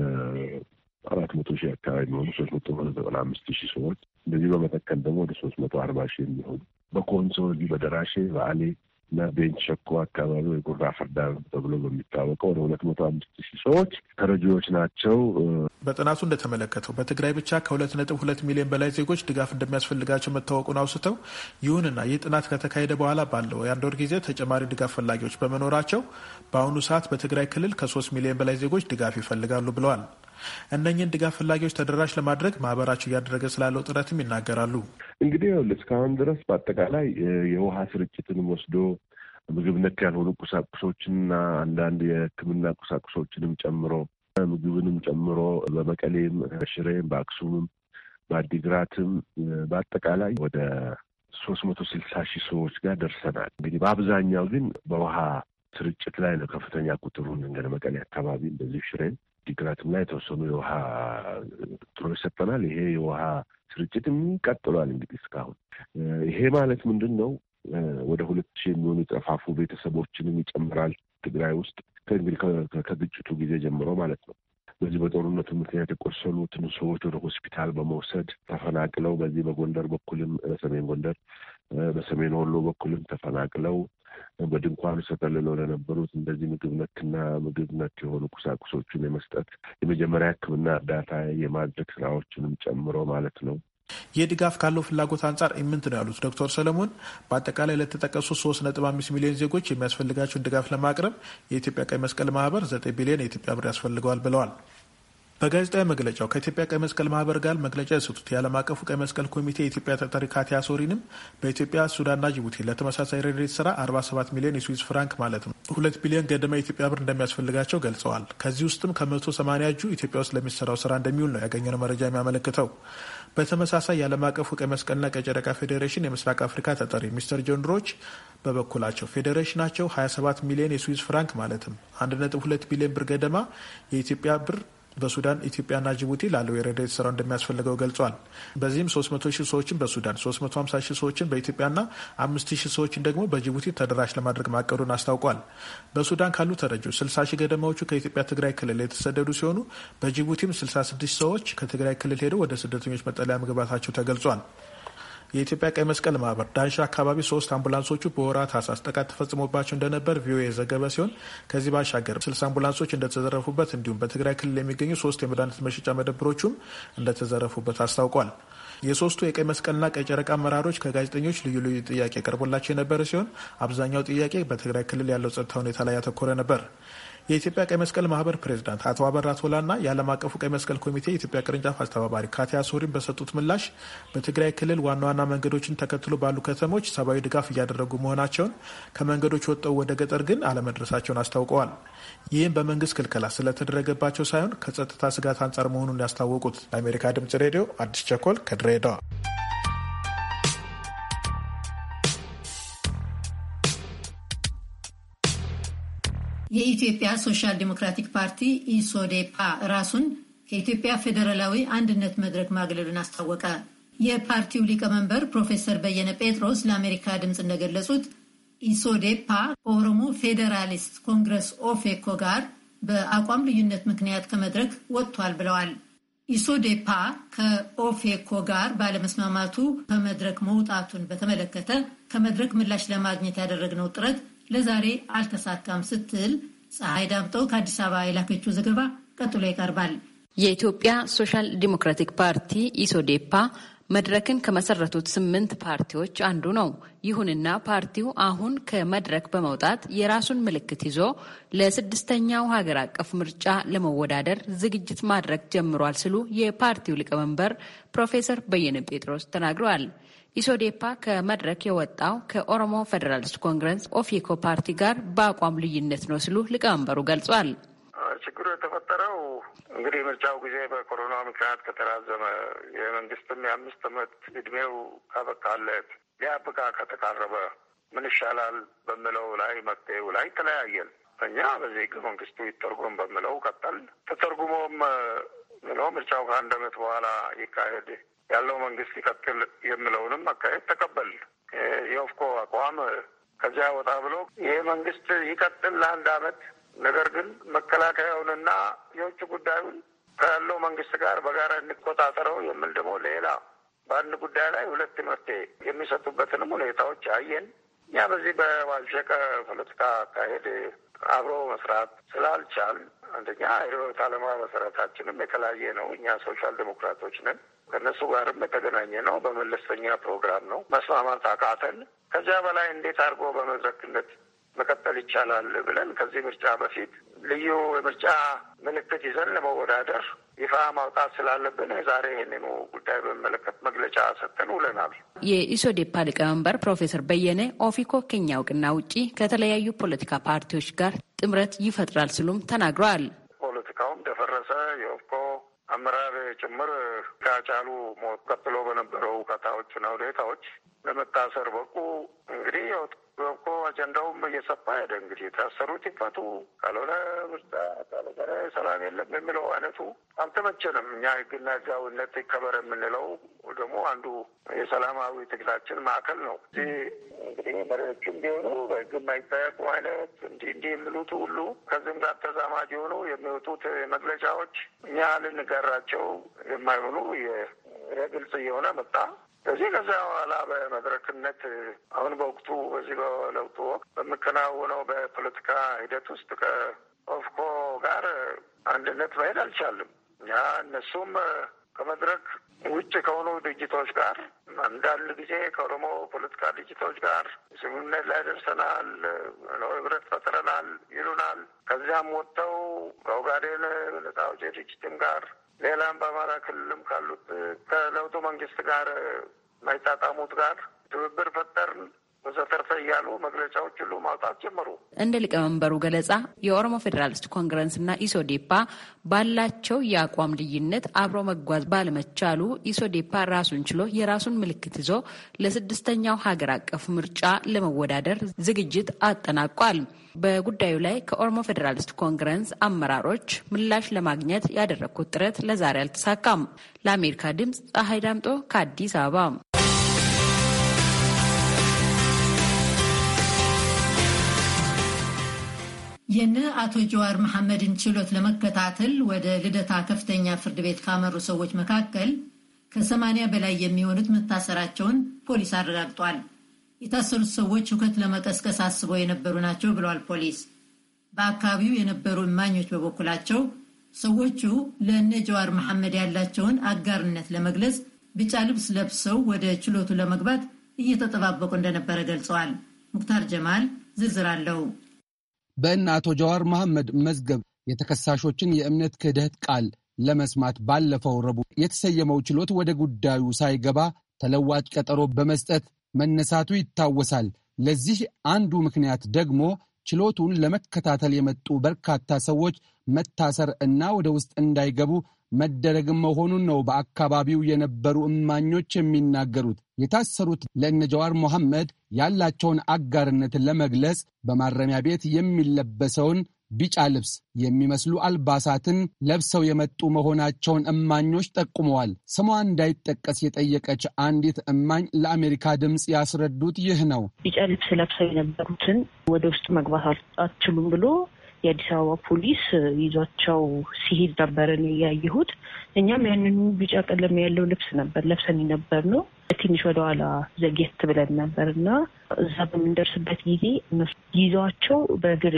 አራት መቶ ሺህ አካባቢ የሚሆኑ ሶስት መቶ ዘጠና አምስት ሺህ ሰዎች እንደዚህ በመተከል ደግሞ ወደ ሶስት መቶ አርባ ሺህ የሚሆኑ በኮንሶ እዚህ በደራሼ በአሌ እና ቤንች ሸኮ አካባቢ ወይ ጉራ ፈርዳ ተብሎ በሚታወቀው ወደ ሁለት መቶ አምስት ሺህ ሰዎች ተረጂዎች ናቸው። በጥናቱ እንደተመለከተው በትግራይ ብቻ ከሁለት ነጥብ ሁለት ሚሊዮን በላይ ዜጎች ድጋፍ እንደሚያስፈልጋቸው መታወቁን አውስተው፣ ይሁንና ይህ ጥናት ከተካሄደ በኋላ ባለው የአንድ ወር ጊዜ ተጨማሪ ድጋፍ ፈላጊዎች በመኖራቸው በአሁኑ ሰዓት በትግራይ ክልል ከሶስት ሚሊዮን በላይ ዜጎች ድጋፍ ይፈልጋሉ ብለዋል። እነኝህን ድጋፍ ፈላጊዎች ተደራሽ ለማድረግ ማህበራቸው እያደረገ ስላለው ጥረትም ይናገራሉ። እንግዲህ ያው እስካሁን ድረስ በአጠቃላይ የውሃ ስርጭትንም ወስዶ ምግብ ነክ ያልሆኑ ቁሳቁሶችንና አንዳንድ የሕክምና ቁሳቁሶችንም ጨምሮ ምግብንም ጨምሮ በመቀሌም፣ ሽሬም፣ በአክሱምም፣ በአዲግራትም በአጠቃላይ ወደ ሶስት መቶ ስልሳ ሺህ ሰዎች ጋር ደርሰናል። እንግዲህ በአብዛኛው ግን በውሃ ስርጭት ላይ ነው ከፍተኛ ቁጥሩን እንደ መቀሌ አካባቢ እንደዚህ ሽሬን ዲግራት የተወሰኑ የውሃ ጥሎ ይሰጠናል። ይሄ የውሃ ስርጭትም ቀጥሏል። እንግዲህ እስካሁን ይሄ ማለት ምንድን ነው? ወደ ሁለት ሺህ የሚሆኑ የጠፋፉ ቤተሰቦችንም ይጨምራል ትግራይ ውስጥ ከእንግዲህ ከግጭቱ ጊዜ ጀምሮ ማለት ነው። በዚህ በጦርነቱ ምክንያት የቆሰሉትን ሰዎች ወደ ሆስፒታል በመውሰድ ተፈናቅለው በዚህ በጎንደር በኩልም በሰሜን ጎንደር በሰሜን ወሎ በኩልም ተፈናቅለው በድንኳን ተጠልለው ለነበሩት እንደዚህ ምግብ ነክና ምግብ ነክ የሆኑ ቁሳቁሶችን የመስጠት የመጀመሪያ ሕክምና እርዳታ የማድረግ ስራዎችንም ጨምሮ ማለት ነው። ይህ ድጋፍ ካለው ፍላጎት አንጻር ኢምንት ነው ያሉት ዶክተር ሰለሞን በአጠቃላይ ለተጠቀሱ ሶስት ነጥብ አምስት ሚሊዮን ዜጎች የሚያስፈልጋቸውን ድጋፍ ለማቅረብ የኢትዮጵያ ቀይ መስቀል ማህበር ዘጠኝ ቢሊዮን የኢትዮጵያ ብር ያስፈልገዋል ብለዋል። በጋዜጣዊ መግለጫው ከኢትዮጵያ ቀይ መስቀል ማህበር ጋር መግለጫ የሰጡት የዓለም አቀፉ ቀይ መስቀል ኮሚቴ የኢትዮጵያ ተጠሪ ካቲያ ሶሪንም በኢትዮጵያ ሱዳንና ጅቡቲ ለተመሳሳይ ረድኤት ስራ 47 ሚሊዮን የስዊዝ ፍራንክ ማለት ነው ሁለት ቢሊዮን ገደማ የኢትዮጵያ ብር እንደሚያስፈልጋቸው ገልጸዋል። ከዚህ ውስጥም ከ180 እጁ ኢትዮጵያ ውስጥ ለሚሰራው ስራ እንደሚውል ነው ያገኘነው መረጃ የሚያመለክተው። በተመሳሳይ የዓለም አቀፉ ቀይ መስቀልና ቀይ ጨረቃ ፌዴሬሽን የምስራቅ አፍሪካ ተጠሪ ሚስተር ጆን ሮች በበኩላቸው ፌዴሬሽናቸው 27 ሚሊዮን የስዊዝ ፍራንክ ማለትም 1.2 ቢሊዮን ብር ገደማ የኢትዮጵያ ብር በሱዳን ኢትዮጵያና ጅቡቲ ላለው የረድኤት ስራው እንደሚያስፈልገው ገልጿል። በዚህም 300 ሺህ ሰዎችን በሱዳን 350 ሺህ ሰዎችን በኢትዮጵያና 5 ሺህ ሰዎችን ደግሞ በጅቡቲ ተደራሽ ለማድረግ ማቀዱን አስታውቋል። በሱዳን ካሉ ተረጂዎች 60 ሺህ ገደማዎቹ ከኢትዮጵያ ትግራይ ክልል የተሰደዱ ሲሆኑ በጅቡቲም 66 ሰዎች ከትግራይ ክልል ሄደው ወደ ስደተኞች መጠለያ መግባታቸው ተገልጿል። የኢትዮጵያ ቀይ መስቀል ማህበር ዳንሻ አካባቢ ሶስት አምቡላንሶቹ በወራት አሳስ ጥቃት ተፈጽሞባቸው እንደነበር ቪኦኤ የዘገበ ሲሆን ከዚህ ባሻገር ስልሳ አምቡላንሶች እንደተዘረፉበት እንዲሁም በትግራይ ክልል የሚገኙ ሶስት የመድኃኒት መሸጫ መደብሮቹም እንደተዘረፉበት አስታውቋል። የሶስቱ የቀይ መስቀልና ቀይ ጨረቃ አመራሮች ከጋዜጠኞች ልዩ ልዩ ጥያቄ ቀርቦላቸው የነበረ ሲሆን አብዛኛው ጥያቄ በትግራይ ክልል ያለው ጸጥታ ሁኔታ ላይ ያተኮረ ነበር። የኢትዮጵያ ቀይ መስቀል ማህበር ፕሬዚዳንት አቶ አበራ ቶላና የዓለም አቀፉ ቀይ መስቀል ኮሚቴ የኢትዮጵያ ቅርንጫፍ አስተባባሪ ካቲያ ሶሪን በሰጡት ምላሽ በትግራይ ክልል ዋና ዋና መንገዶችን ተከትሎ ባሉ ከተሞች ሰብአዊ ድጋፍ እያደረጉ መሆናቸውን፣ ከመንገዶች ወጥተው ወደ ገጠር ግን አለመድረሳቸውን አስታውቀዋል። ይህም በመንግስት ክልከላ ስለተደረገባቸው ሳይሆን ከጸጥታ ስጋት አንጻር መሆኑን ያስታወቁት ለአሜሪካ ድምጽ ሬዲዮ አዲስ ቸኮል ከድሬዳዋ የኢትዮጵያ ሶሻል ዲሞክራቲክ ፓርቲ ኢሶዴፓ ራሱን ከኢትዮጵያ ፌዴራላዊ አንድነት መድረክ ማግለሉን አስታወቀ። የፓርቲው ሊቀመንበር ፕሮፌሰር በየነ ጴጥሮስ ለአሜሪካ ድምፅ እንደገለጹት ኢሶዴፓ ከኦሮሞ ፌዴራሊስት ኮንግረስ ኦፌኮ ጋር በአቋም ልዩነት ምክንያት ከመድረክ ወጥቷል ብለዋል። ኢሶዴፓ ከኦፌኮ ጋር ባለመስማማቱ ከመድረክ መውጣቱን በተመለከተ ከመድረክ ምላሽ ለማግኘት ያደረግነው ጥረት ለዛሬ አልተሳካም ስትል ፀሐይ ዳምጠው ከአዲስ አበባ የላከችው ዘገባ ቀጥሎ ይቀርባል። የኢትዮጵያ ሶሻል ዲሞክራቲክ ፓርቲ ኢሶዴፓ መድረክን ከመሰረቱት ስምንት ፓርቲዎች አንዱ ነው። ይሁንና ፓርቲው አሁን ከመድረክ በመውጣት የራሱን ምልክት ይዞ ለስድስተኛው ሀገር አቀፍ ምርጫ ለመወዳደር ዝግጅት ማድረግ ጀምሯል ሲሉ የፓርቲው ሊቀመንበር ፕሮፌሰር በየነ ጴጥሮስ ተናግረዋል። ኢሶዴፓ ከመድረክ የወጣው ከኦሮሞ ፌዴራሊስት ኮንግረስ ኦፌኮ ፓርቲ ጋር በአቋም ልዩነት ነው ሲሉ ሊቀመንበሩ ገልጿል። ችግሩ የተፈጠረው እንግዲህ ምርጫው ጊዜ በኮሮና ምክንያት ከተራዘመ የመንግስትም የአምስት ዓመት እድሜው ካበቃለት ሊያብቃ ከተቃረበ ምን ይሻላል በምለው ላይ መፍትሄው ላይ ተለያየን። እኛ በዚህ ህገ መንግስቱ ይተርጎም በምለው ቀጠል ተተርጉሞም ምርጫው ከአንድ ዓመት በኋላ ይካሄድ ያለው መንግስት ይቀጥል የምለውንም አካሄድ ተቀበል። የኦፍኮ አቋም ከዚያ ወጣ ብሎ ይሄ መንግስት ይቀጥል ለአንድ አመት፣ ነገር ግን መከላከያውንና የውጭ ጉዳዩን ካለው መንግስት ጋር በጋራ እንቆጣጠረው የሚል ደግሞ ሌላ በአንድ ጉዳይ ላይ ሁለት መፍትሄ የሚሰጡበትንም ሁኔታዎች አየን። እኛ በዚህ በዋልሸቀ ፖለቲካ አካሄድ አብሮ መስራት ስላልቻል አንደኛ ርዕዮተ ዓለማዊ መሰረታችንም የተለያየ ነው። እኛ ሶሻል ዴሞክራቶች ነን። ከእነሱ ጋርም የተገናኘ ነው። በመለስተኛ ፕሮግራም ነው። መስማማት አቃተን። ከዚያ በላይ እንዴት አድርጎ በመድረክነት መቀጠል ይቻላል ብለን ከዚህ ምርጫ በፊት ልዩ የምርጫ ምልክት ይዘን ለመወዳደር ይፋ ማውጣት ስላለብን ዛሬ ይህንኑ ጉዳይ በመለከት መግለጫ ሰጥተን ውለናል። የኢሶዴፓ ሊቀመንበር ፕሮፌሰር በየነ ኦፊኮ ከኛ እውቅና ውጪ ከተለያዩ ፖለቲካ ፓርቲዎች ጋር ጥምረት ይፈጥራል ሲሉም ተናግረዋል። ፖለቲካውም ደፈ አመራር ጭምር ከአጫሉ ሞት ቀጥሎ በነበረው ሁከታዎችና ሁኔታዎች ለመታሰር በቁ እንግዲህ ያው እኮ አጀንዳውም እየሰፋ ሄደ። እንግዲህ የታሰሩት ይፈቱ፣ ካልሆነ ምርጫ፣ ካልሆነ ሰላም የለም የሚለው አይነቱ አልተመቸንም። እኛ ህግና ህጋዊነት ይከበር የምንለው ደግሞ አንዱ የሰላማዊ ትግላችን ማዕከል ነው። እዚህ እንግዲህ መሪዎችም ቢሆኑ በህግ የማይጠየቁ አይነት እንዲህ እንዲህ የሚሉት ሁሉ ከዚህም ጋር ተዛማጅ የሆኑ የሚወጡት መግለጫዎች እኛ ልንጋራቸው የማይሆኑ የግልጽ እየሆነ መጣ። ስለዚህ ከዛ በኋላ በመድረክነት አሁን በወቅቱ በዚህ በለውጡ ወቅት በሚከናወነው በፖለቲካ ሂደት ውስጥ ከኦፍኮ ጋር አንድነት መሄድ አልቻልም። ያ እነሱም ከመድረክ ውጭ ከሆኑ ድርጅቶች ጋር አንዳንድ ጊዜ ከኦሮሞ ፖለቲካ ድርጅቶች ጋር ስምምነት ላይ ደርሰናል፣ ህብረት ፈጥረናል ይሉናል። ከዚያም ወጥተው ከኦጋዴን ነጻ አውጪ ድርጅትም ጋር ሌላም በአማራ ክልልም ካሉት ከለውጡ መንግስት ጋር ማይጣጣሙት ጋር ትብብር ፈጠርን። በዘተርተ እያሉ መግለጫዎች ሁሉ ማውጣት ጀመሩ። እንደ ሊቀመንበሩ ገለጻ የኦሮሞ ፌዴራሊስት ኮንግረስና ኢሶዴፓ ባላቸው የአቋም ልዩነት አብሮ መጓዝ ባለመቻሉ ኢሶዴፓ ራሱን ችሎ የራሱን ምልክት ይዞ ለስድስተኛው ሀገር አቀፍ ምርጫ ለመወዳደር ዝግጅት አጠናቋል። በጉዳዩ ላይ ከኦሮሞ ፌዴራሊስት ኮንግረስ አመራሮች ምላሽ ለማግኘት ያደረግኩት ጥረት ለዛሬ አልተሳካም። ለአሜሪካ ድምፅ ፀሐይ ዳምጦ ከአዲስ አበባ የነ አቶ ጀዋር መሐመድን ችሎት ለመከታተል ወደ ልደታ ከፍተኛ ፍርድ ቤት ካመሩ ሰዎች መካከል ከሰማንያ በላይ የሚሆኑት መታሰራቸውን ፖሊስ አረጋግጧል። የታሰሩት ሰዎች ሁከት ለመቀስቀስ አስበው የነበሩ ናቸው ብለዋል ፖሊስ። በአካባቢው የነበሩ እማኞች በበኩላቸው ሰዎቹ ለእነ ጀዋር መሐመድ ያላቸውን አጋርነት ለመግለጽ ቢጫ ልብስ ለብሰው ወደ ችሎቱ ለመግባት እየተጠባበቁ እንደነበረ ገልጸዋል። ሙክታር ጀማል ዝርዝር አለው። በእነ አቶ ጀዋር መሐመድ መዝገብ የተከሳሾችን የእምነት ክህደት ቃል ለመስማት ባለፈው ረቡዕ የተሰየመው ችሎት ወደ ጉዳዩ ሳይገባ ተለዋጭ ቀጠሮ በመስጠት መነሳቱ ይታወሳል። ለዚህ አንዱ ምክንያት ደግሞ ችሎቱን ለመከታተል የመጡ በርካታ ሰዎች መታሰር እና ወደ ውስጥ እንዳይገቡ መደረግ መሆኑን ነው በአካባቢው የነበሩ እማኞች የሚናገሩት። የታሰሩት ለእነ ጀዋር መሐመድ ያላቸውን አጋርነት ለመግለጽ በማረሚያ ቤት የሚለበሰውን ቢጫ ልብስ የሚመስሉ አልባሳትን ለብሰው የመጡ መሆናቸውን እማኞች ጠቁመዋል። ስሟ እንዳይጠቀስ የጠየቀች አንዲት እማኝ ለአሜሪካ ድምፅ ያስረዱት ይህ ነው። ቢጫ ልብስ ለብሰው የነበሩትን ወደ ውስጥ መግባት አትችሉም ብሎ የአዲስ አበባ ፖሊስ ይዟቸው ሲሄድ ነበር እኔ ያየሁት። እኛም ያንኑ ቢጫ ቀለም ያለው ልብስ ነበር ለብሰን ነበር ነው። ትንሽ ወደኋላ ዘግየት ብለን ነበር እና እዛ በምንደርስበት ጊዜ ይዟቸው በእግር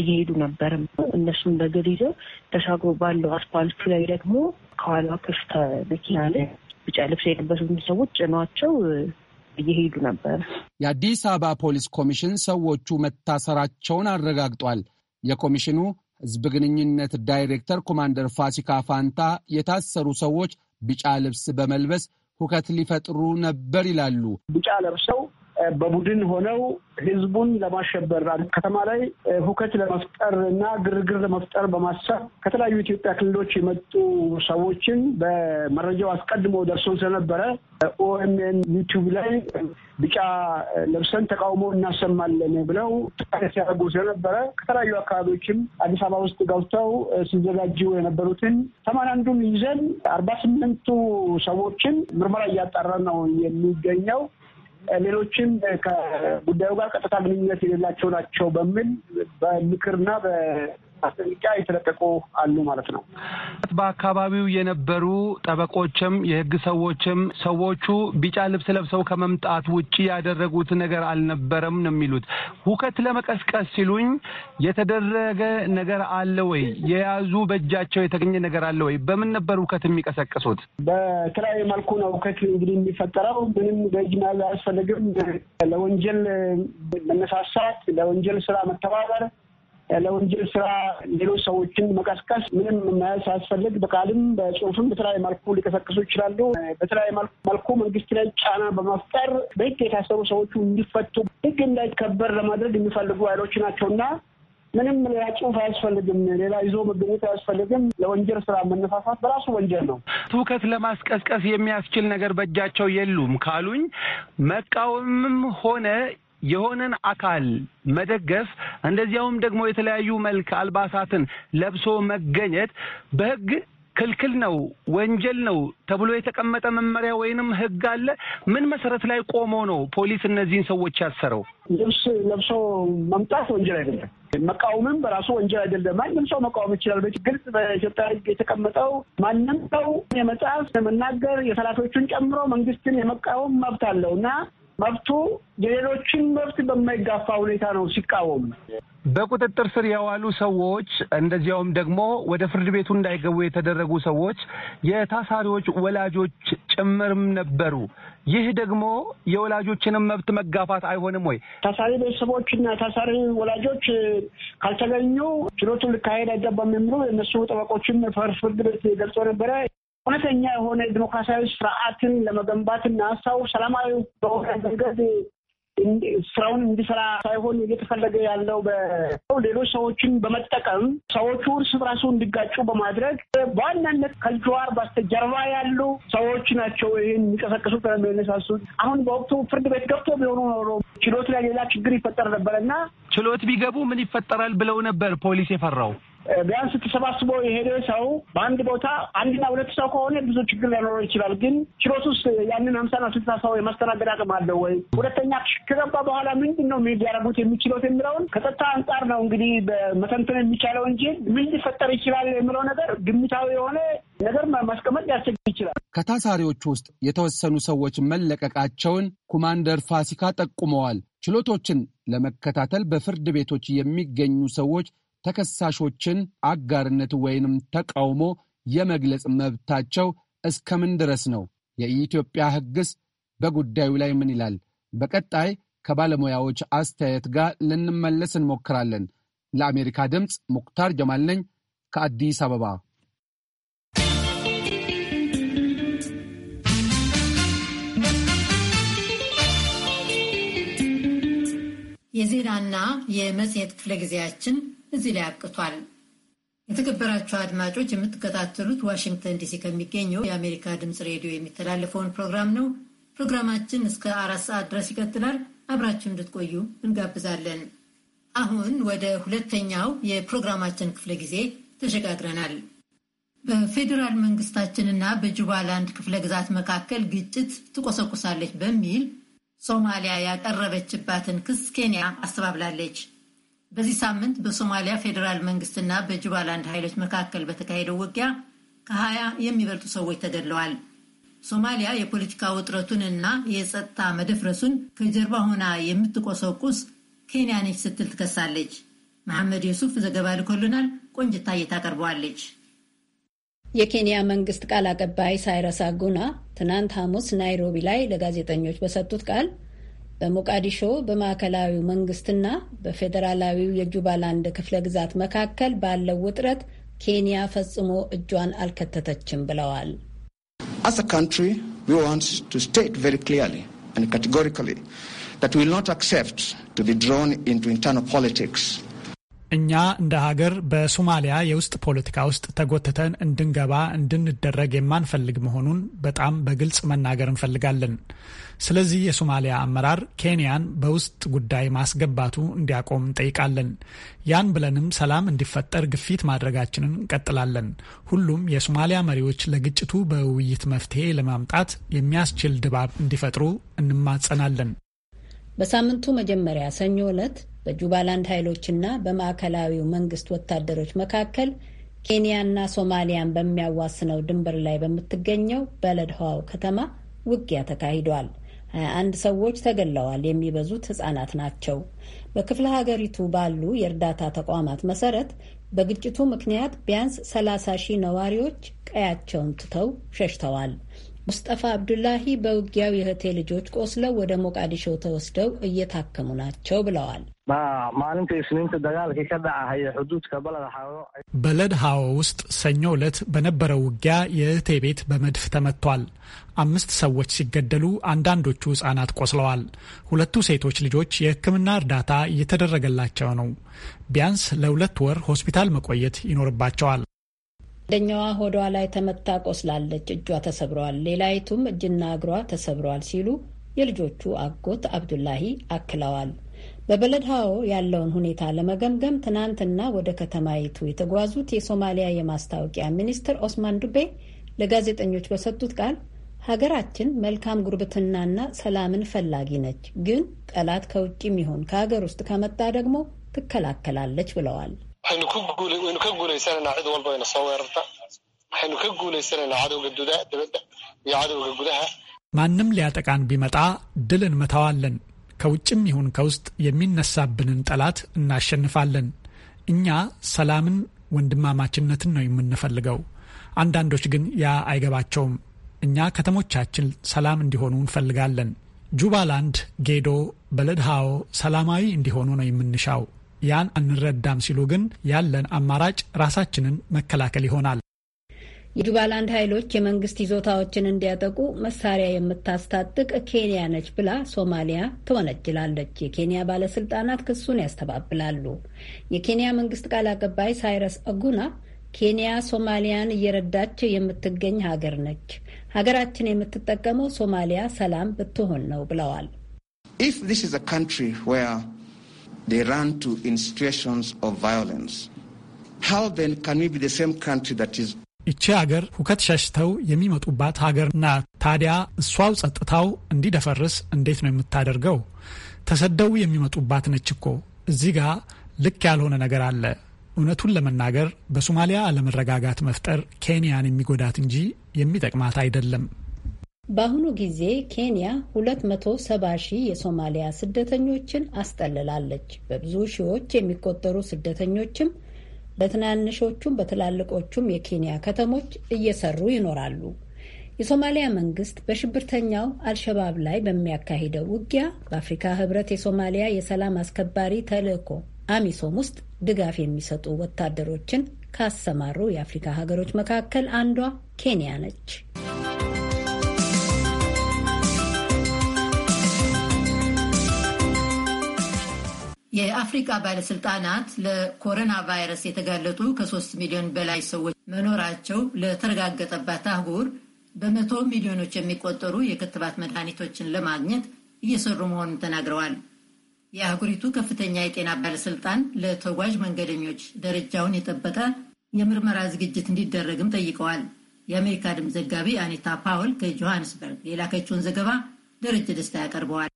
እየሄዱ ነበር። እነሱም በእግር ይዘው ተሻግሮ ባለው አስፓልቱ ላይ ደግሞ ከኋላ ክፍተ መኪና ላይ ቢጫ ልብስ የለበሱ ሰዎች ጭኗቸው እየሄዱ ነበር። የአዲስ አበባ ፖሊስ ኮሚሽን ሰዎቹ መታሰራቸውን አረጋግጧል። የኮሚሽኑ ሕዝብ ግንኙነት ዳይሬክተር ኮማንደር ፋሲካ ፋንታ የታሰሩ ሰዎች ቢጫ ልብስ በመልበስ ሁከት ሊፈጥሩ ነበር ይላሉ። ቢጫ ለብሰው በቡድን ሆነው ህዝቡን ለማሸበር ከተማ ላይ ሁከት ለመፍጠር እና ግርግር ለመፍጠር በማሰብ ከተለያዩ የኢትዮጵያ ክልሎች የመጡ ሰዎችን በመረጃው አስቀድሞ ደርሶን ስለነበረ ኦኤምኤን ዩቲዩብ ላይ ቢጫ ለብሰን ተቃውሞ እናሰማለን ብለው ጥቃት ሲያደርጉ ስለነበረ ከተለያዩ አካባቢዎችም አዲስ አበባ ውስጥ ገብተው ሲዘጋጁ የነበሩትን ሰማንያ አንዱን ይዘን አርባ ስምንቱ ሰዎችን ምርመራ እያጣራ ነው የሚገኘው። ሌሎችም ከጉዳዩ ጋር ቀጥታ ግንኙነት የሌላቸው ናቸው በሚል በምክርና ማስጠንቀቂያ የተለቀቁ አሉ ማለት ነው። በአካባቢው የነበሩ ጠበቆችም የህግ ሰዎችም ሰዎቹ ቢጫ ልብስ ለብሰው ከመምጣት ውጭ ያደረጉት ነገር አልነበረም ነው የሚሉት። ሁከት ለመቀስቀስ ሲሉኝ የተደረገ ነገር አለ ወይ? የያዙ በእጃቸው የተገኘ ነገር አለ ወይ? በምን ነበር ሁከት የሚቀሰቅሱት? በተለያየ መልኩ ነው ሁከት እንግዲህ የሚፈጠረው። ምንም በእጅ መያዝ አያስፈልግም። ለወንጀል መነሳሳት፣ ለወንጀል ስራ መተባበር ለወንጀል ስራ ሌሎች ሰዎችን መቀስቀስ ምንም ሳያስፈልግ በቃልም በጽሁፍም በተለያየ መልኩ ሊቀሰቅሱ ይችላሉ። በተለያየ መልኩ መንግስት ላይ ጫና በመፍጠር በህግ የታሰሩ ሰዎቹ እንዲፈቱ ህግ እንዳይከበር ለማድረግ የሚፈልጉ ኃይሎች እና ምንም ሌላ ጽሁፍ አያስፈልግም። ሌላ ይዞ መገኘት አያስፈልግም። ለወንጀል ስራ መነሳሳት በራሱ ወንጀል ነው። ትውከት ለማስቀስቀስ የሚያስችል ነገር በእጃቸው የሉም ካሉኝ መቃወምም ሆነ የሆነን አካል መደገፍ እንደዚያውም ደግሞ የተለያዩ መልክ አልባሳትን ለብሶ መገኘት በህግ ክልክል ነው፣ ወንጀል ነው ተብሎ የተቀመጠ መመሪያ ወይንም ህግ አለ? ምን መሰረት ላይ ቆሞ ነው ፖሊስ እነዚህን ሰዎች ያሰረው? ልብስ ለብሶ መምጣት ወንጀል አይደለም። መቃወምም በራሱ ወንጀል አይደለም። ማንም ሰው መቃወም ይችላል። ግልጽ በኢትዮጵያ ህግ የተቀመጠው ማንም ሰው የመጻፍ፣ የመናገር፣ የሰላቶቹን ጨምሮ መንግስትን የመቃወም መብት አለው እና መብቱ የሌሎችን መብት በማይጋፋ ሁኔታ ነው ሲቃወሙ። በቁጥጥር ስር የዋሉ ሰዎች እንደዚያውም ደግሞ ወደ ፍርድ ቤቱ እንዳይገቡ የተደረጉ ሰዎች የታሳሪዎች ወላጆች ጭምርም ነበሩ። ይህ ደግሞ የወላጆችንም መብት መጋፋት አይሆንም ወይ? ታሳሪ ቤተሰቦች እና ታሳሪ ወላጆች ካልተገኙ ችሎቱ ሊካሄድ አይገባም የሚሉ የእነሱ ጠበቆችም ፍርድ ቤት ገልጾ ነበረ። እውነተኛ የሆነ ዲሞክራሲያዊ ስርዓትን ለመገንባትና ሰው ሰላማዊ በሆነ መንገድ ስራውን እንዲሰራ ሳይሆን እየተፈለገ ያለው ሌሎች ሰዎችን በመጠቀም ሰዎቹ እርስ በራሱ እንዲጋጩ በማድረግ በዋናነት ከልጅዋር በስተጀርባ ያሉ ሰዎች ናቸው ይህን የሚቀሰቅሱት የሚነሳሱት። አሁን በወቅቱ ፍርድ ቤት ገብቶ ቢሆኑ ኖሮ ችሎት ላይ ሌላ ችግር ይፈጠር ነበር እና ችሎት ቢገቡ ምን ይፈጠራል ብለው ነበር ፖሊስ የፈራው። ቢያንስ ተሰባስቦ የሄደ ሰው በአንድ ቦታ አንድና ሁለት ሰው ከሆነ ብዙ ችግር ሊኖረው ይችላል። ግን ችሎት ውስጥ ያንን ሀምሳና ስልሳ ሰው የማስተናገድ አቅም አለው ወይ? ሁለተኛ ከገባ በኋላ ምንድን ነው ሊያደርጉት የሚችሉት የሚለውን ከጸጥታ አንጻር ነው እንግዲህ በመተንተን የሚቻለው እንጂ ምን ሊፈጠር ይችላል የሚለው ነገር ግምታዊ የሆነ ነገር ማስቀመጥ ሊያስቸግር ይችላል። ከታሳሪዎች ውስጥ የተወሰኑ ሰዎች መለቀቃቸውን ኮማንደር ፋሲካ ጠቁመዋል። ችሎቶችን ለመከታተል በፍርድ ቤቶች የሚገኙ ሰዎች ተከሳሾችን አጋርነት ወይንም ተቃውሞ የመግለጽ መብታቸው እስከምን ድረስ ነው? የኢትዮጵያ ሕግስ በጉዳዩ ላይ ምን ይላል? በቀጣይ ከባለሙያዎች አስተያየት ጋር ልንመለስ እንሞክራለን። ለአሜሪካ ድምፅ ሙክታር ጀማል ነኝ ከአዲስ አበባ። የዜናና የመጽሔት ክፍለ ጊዜያችን እዚህ ላይ አብቅቷል። የተከበራችሁ አድማጮች የምትከታተሉት ዋሽንግተን ዲሲ ከሚገኘው የአሜሪካ ድምፅ ሬዲዮ የሚተላለፈውን ፕሮግራም ነው። ፕሮግራማችን እስከ አራት ሰዓት ድረስ ይቀጥላል። አብራችሁ እንድትቆዩ እንጋብዛለን። አሁን ወደ ሁለተኛው የፕሮግራማችን ክፍለ ጊዜ ተሸጋግረናል። በፌዴራል መንግስታችንና በጁባላንድ ክፍለ ግዛት መካከል ግጭት ትቆሰቁሳለች በሚል ሶማሊያ ያቀረበችባትን ክስ ኬንያ አስተባብላለች። በዚህ ሳምንት በሶማሊያ ፌዴራል መንግስትና በጁባላንድ ኃይሎች መካከል በተካሄደው ውጊያ ከሀያ የሚበልጡ ሰዎች ተገድለዋል። ሶማሊያ የፖለቲካ ውጥረቱንና የጸጥታ መደፍረሱን ከጀርባ ሆና የምትቆሰቁስ ኬንያ ነች ስትል ትከሳለች። መሐመድ ዩሱፍ ዘገባ ልኮልናል። ቆንጅታ እየታቀርበዋለች። የኬንያ መንግስት ቃል አቀባይ ሳይረስ አጉና ትናንት ሐሙስ ናይሮቢ ላይ ለጋዜጠኞች በሰጡት ቃል በሞቃዲሾ በማዕከላዊው መንግስትና በፌዴራላዊው የጁባላንድ ክፍለ ግዛት መካከል ባለው ውጥረት ኬንያ ፈጽሞ እጇን አልከተተችም ብለዋል። እኛ እንደ ሀገር በሶማሊያ የውስጥ ፖለቲካ ውስጥ ተጎትተን እንድንገባ እንድንደረግ የማንፈልግ መሆኑን በጣም በግልጽ መናገር እንፈልጋለን። ስለዚህ የሶማሊያ አመራር ኬንያን በውስጥ ጉዳይ ማስገባቱ እንዲያቆም እንጠይቃለን። ያን ብለንም ሰላም እንዲፈጠር ግፊት ማድረጋችንን እንቀጥላለን። ሁሉም የሶማሊያ መሪዎች ለግጭቱ በውይይት መፍትሄ ለማምጣት የሚያስችል ድባብ እንዲፈጥሩ እንማጸናለን። በሳምንቱ መጀመሪያ ሰኞ ዕለት በጁባላንድ ኃይሎችና በማዕከላዊው መንግስት ወታደሮች መካከል ኬንያና ሶማሊያን በሚያዋስነው ድንበር ላይ በምትገኘው በለድሃው ከተማ ውጊያ ተካሂዷል። 21 ሰዎች ተገለዋል። የሚበዙት ህጻናት ናቸው። በክፍለ ሀገሪቱ ባሉ የእርዳታ ተቋማት መሰረት በግጭቱ ምክንያት ቢያንስ 30 ሺህ ነዋሪዎች ቀያቸውን ትተው ሸሽተዋል። ሙስጠፋ አብዱላሂ በውጊያው የእህቴ ልጆች ቆስለው ወደ ሞቃዲሾ ተወስደው እየታከሙ ናቸው ብለዋል። በለድ ሀዎ ውስጥ ሰኞ ዕለት በነበረው ውጊያ የእህቴ ቤት በመድፍ ተመቷል። አምስት ሰዎች ሲገደሉ አንዳንዶቹ ህጻናት ቆስለዋል። ሁለቱ ሴቶች ልጆች የሕክምና እርዳታ እየተደረገላቸው ነው። ቢያንስ ለሁለት ወር ሆስፒታል መቆየት ይኖርባቸዋል። አንደኛዋ ሆዷ ላይ ተመታ ቆስላለች፣ እጇ ተሰብረዋል። ሌላይቱም እጅና እግሯ ተሰብረዋል ሲሉ የልጆቹ አጎት አብዱላሂ አክለዋል። በበለድሃው ያለውን ሁኔታ ለመገምገም ትናንትና ወደ ከተማይቱ የተጓዙት የሶማሊያ የማስታወቂያ ሚኒስትር ኦስማን ዱቤ ለጋዜጠኞች በሰጡት ቃል ሀገራችን መልካም ጉርብትናና ሰላምን ፈላጊ ነች፣ ግን ጠላት ከውጭም የሚሆን ከሀገር ውስጥ ከመጣ ደግሞ ትከላከላለች ብለዋል። ማንም ሊያጠቃን ቢመጣ ድል እንመታዋለን። ከውጭም ይሁን ከውስጥ የሚነሳብንን ጠላት እናሸንፋለን። እኛ ሰላምን፣ ወንድማማችነትን ነው የምንፈልገው። አንዳንዶች ግን ያ አይገባቸውም። እኛ ከተሞቻችን ሰላም እንዲሆኑ እንፈልጋለን። ጁባላንድ፣ ጌዶ፣ በለድሃዎ ሰላማዊ እንዲሆኑ ነው የምንሻው። ያን አንረዳም ሲሉ ግን ያለን አማራጭ ራሳችንን መከላከል ይሆናል። የጁባላንድ ኃይሎች የመንግስት ይዞታዎችን እንዲያጠቁ መሳሪያ የምታስታጥቅ ኬንያ ነች ብላ ሶማሊያ ትወነጅላለች። የኬንያ ባለስልጣናት ክሱን ያስተባብላሉ። የኬንያ መንግስት ቃል አቀባይ ሳይረስ አጉና ኬንያ ሶማሊያን እየረዳች የምትገኝ ሀገር ነች፣ ሀገራችን የምትጠቀመው ሶማሊያ ሰላም ብትሆን ነው ብለዋል። If this is a country where they run to institutions ይቺ ሀገር ሁከት ሸሽተው የሚመጡባት ሀገር ናት። ታዲያ እሷው ጸጥታው እንዲደፈርስ እንዴት ነው የምታደርገው? ተሰደው የሚመጡባት ነች እኮ። እዚህ ጋ ልክ ያልሆነ ነገር አለ። እውነቱን ለመናገር በሶማሊያ አለመረጋጋት መፍጠር ኬንያን የሚጎዳት እንጂ የሚጠቅማት አይደለም። በአሁኑ ጊዜ ኬንያ 270 ሺህ የሶማሊያ ስደተኞችን አስጠልላለች። በብዙ ሺዎች የሚቆጠሩ ስደተኞችም በትናንሾቹም በትላልቆቹም የኬንያ ከተሞች እየሰሩ ይኖራሉ። የሶማሊያ መንግስት በሽብርተኛው አልሸባብ ላይ በሚያካሂደው ውጊያ በአፍሪካ ህብረት የሶማሊያ የሰላም አስከባሪ ተልእኮ አሚሶም ውስጥ ድጋፍ የሚሰጡ ወታደሮችን ካሰማሩ የአፍሪካ ሀገሮች መካከል አንዷ ኬንያ ነች። የአፍሪካ ባለስልጣናት ለኮሮና ቫይረስ የተጋለጡ ከሶስት ሚሊዮን በላይ ሰዎች መኖራቸው ለተረጋገጠባት አህጉር በመቶ ሚሊዮኖች የሚቆጠሩ የክትባት መድኃኒቶችን ለማግኘት እየሰሩ መሆኑን ተናግረዋል። የአህጉሪቱ ከፍተኛ የጤና ባለስልጣን ለተጓዥ መንገደኞች ደረጃውን የጠበቀ የምርመራ ዝግጅት እንዲደረግም ጠይቀዋል። የአሜሪካ ድምፅ ዘጋቢ አኒታ ፓውል ከጆሃንስበርግ የላከችውን ዘገባ ደረጀ ደስታ ያቀርበዋል።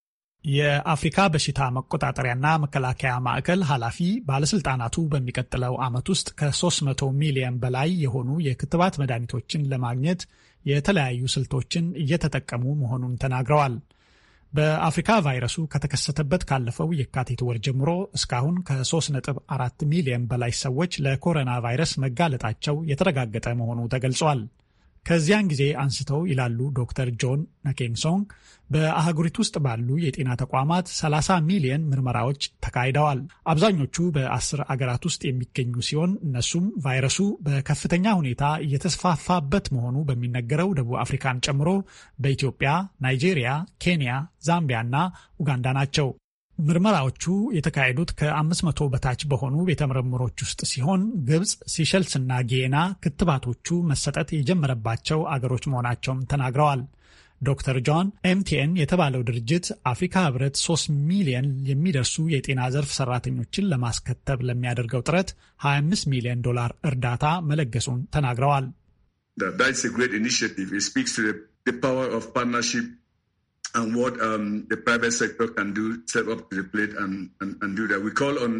የአፍሪካ በሽታ መቆጣጠሪያና መከላከያ ማዕከል ኃላፊ ባለስልጣናቱ በሚቀጥለው ዓመት ውስጥ ከ300 ሚሊየን በላይ የሆኑ የክትባት መድኃኒቶችን ለማግኘት የተለያዩ ስልቶችን እየተጠቀሙ መሆኑን ተናግረዋል። በአፍሪካ ቫይረሱ ከተከሰተበት ካለፈው የካቲት ወር ጀምሮ እስካሁን ከ3.4 ሚሊየን በላይ ሰዎች ለኮሮና ቫይረስ መጋለጣቸው የተረጋገጠ መሆኑ ተገልጿል። ከዚያን ጊዜ አንስተው ይላሉ ዶክተር ጆን ነኬንሶንግ በአህጉሪት ውስጥ ባሉ የጤና ተቋማት 30 ሚሊየን ምርመራዎች ተካሂደዋል። አብዛኞቹ በአስር አገራት ውስጥ የሚገኙ ሲሆን እነሱም ቫይረሱ በከፍተኛ ሁኔታ እየተስፋፋበት መሆኑ በሚነገረው ደቡብ አፍሪካን ጨምሮ በኢትዮጵያ፣ ናይጄሪያ፣ ኬንያ፣ ዛምቢያ እና ኡጋንዳ ናቸው። ምርመራዎቹ የተካሄዱት ከ500 በታች በሆኑ ቤተምርምሮች ውስጥ ሲሆን ግብፅ፣ ሲሸልስና ጌና ክትባቶቹ መሰጠት የጀመረባቸው አገሮች መሆናቸውም ተናግረዋል። ዶክተር ጆን ኤምቲኤን የተባለው ድርጅት አፍሪካ ህብረት 3 ሚሊየን የሚደርሱ የጤና ዘርፍ ሰራተኞችን ለማስከተብ ለሚያደርገው ጥረት 25 ሚሊዮን ዶላር እርዳታ መለገሱን ተናግረዋል። and what um, the private sector can do, step up to the plate and, and, and do that. We call on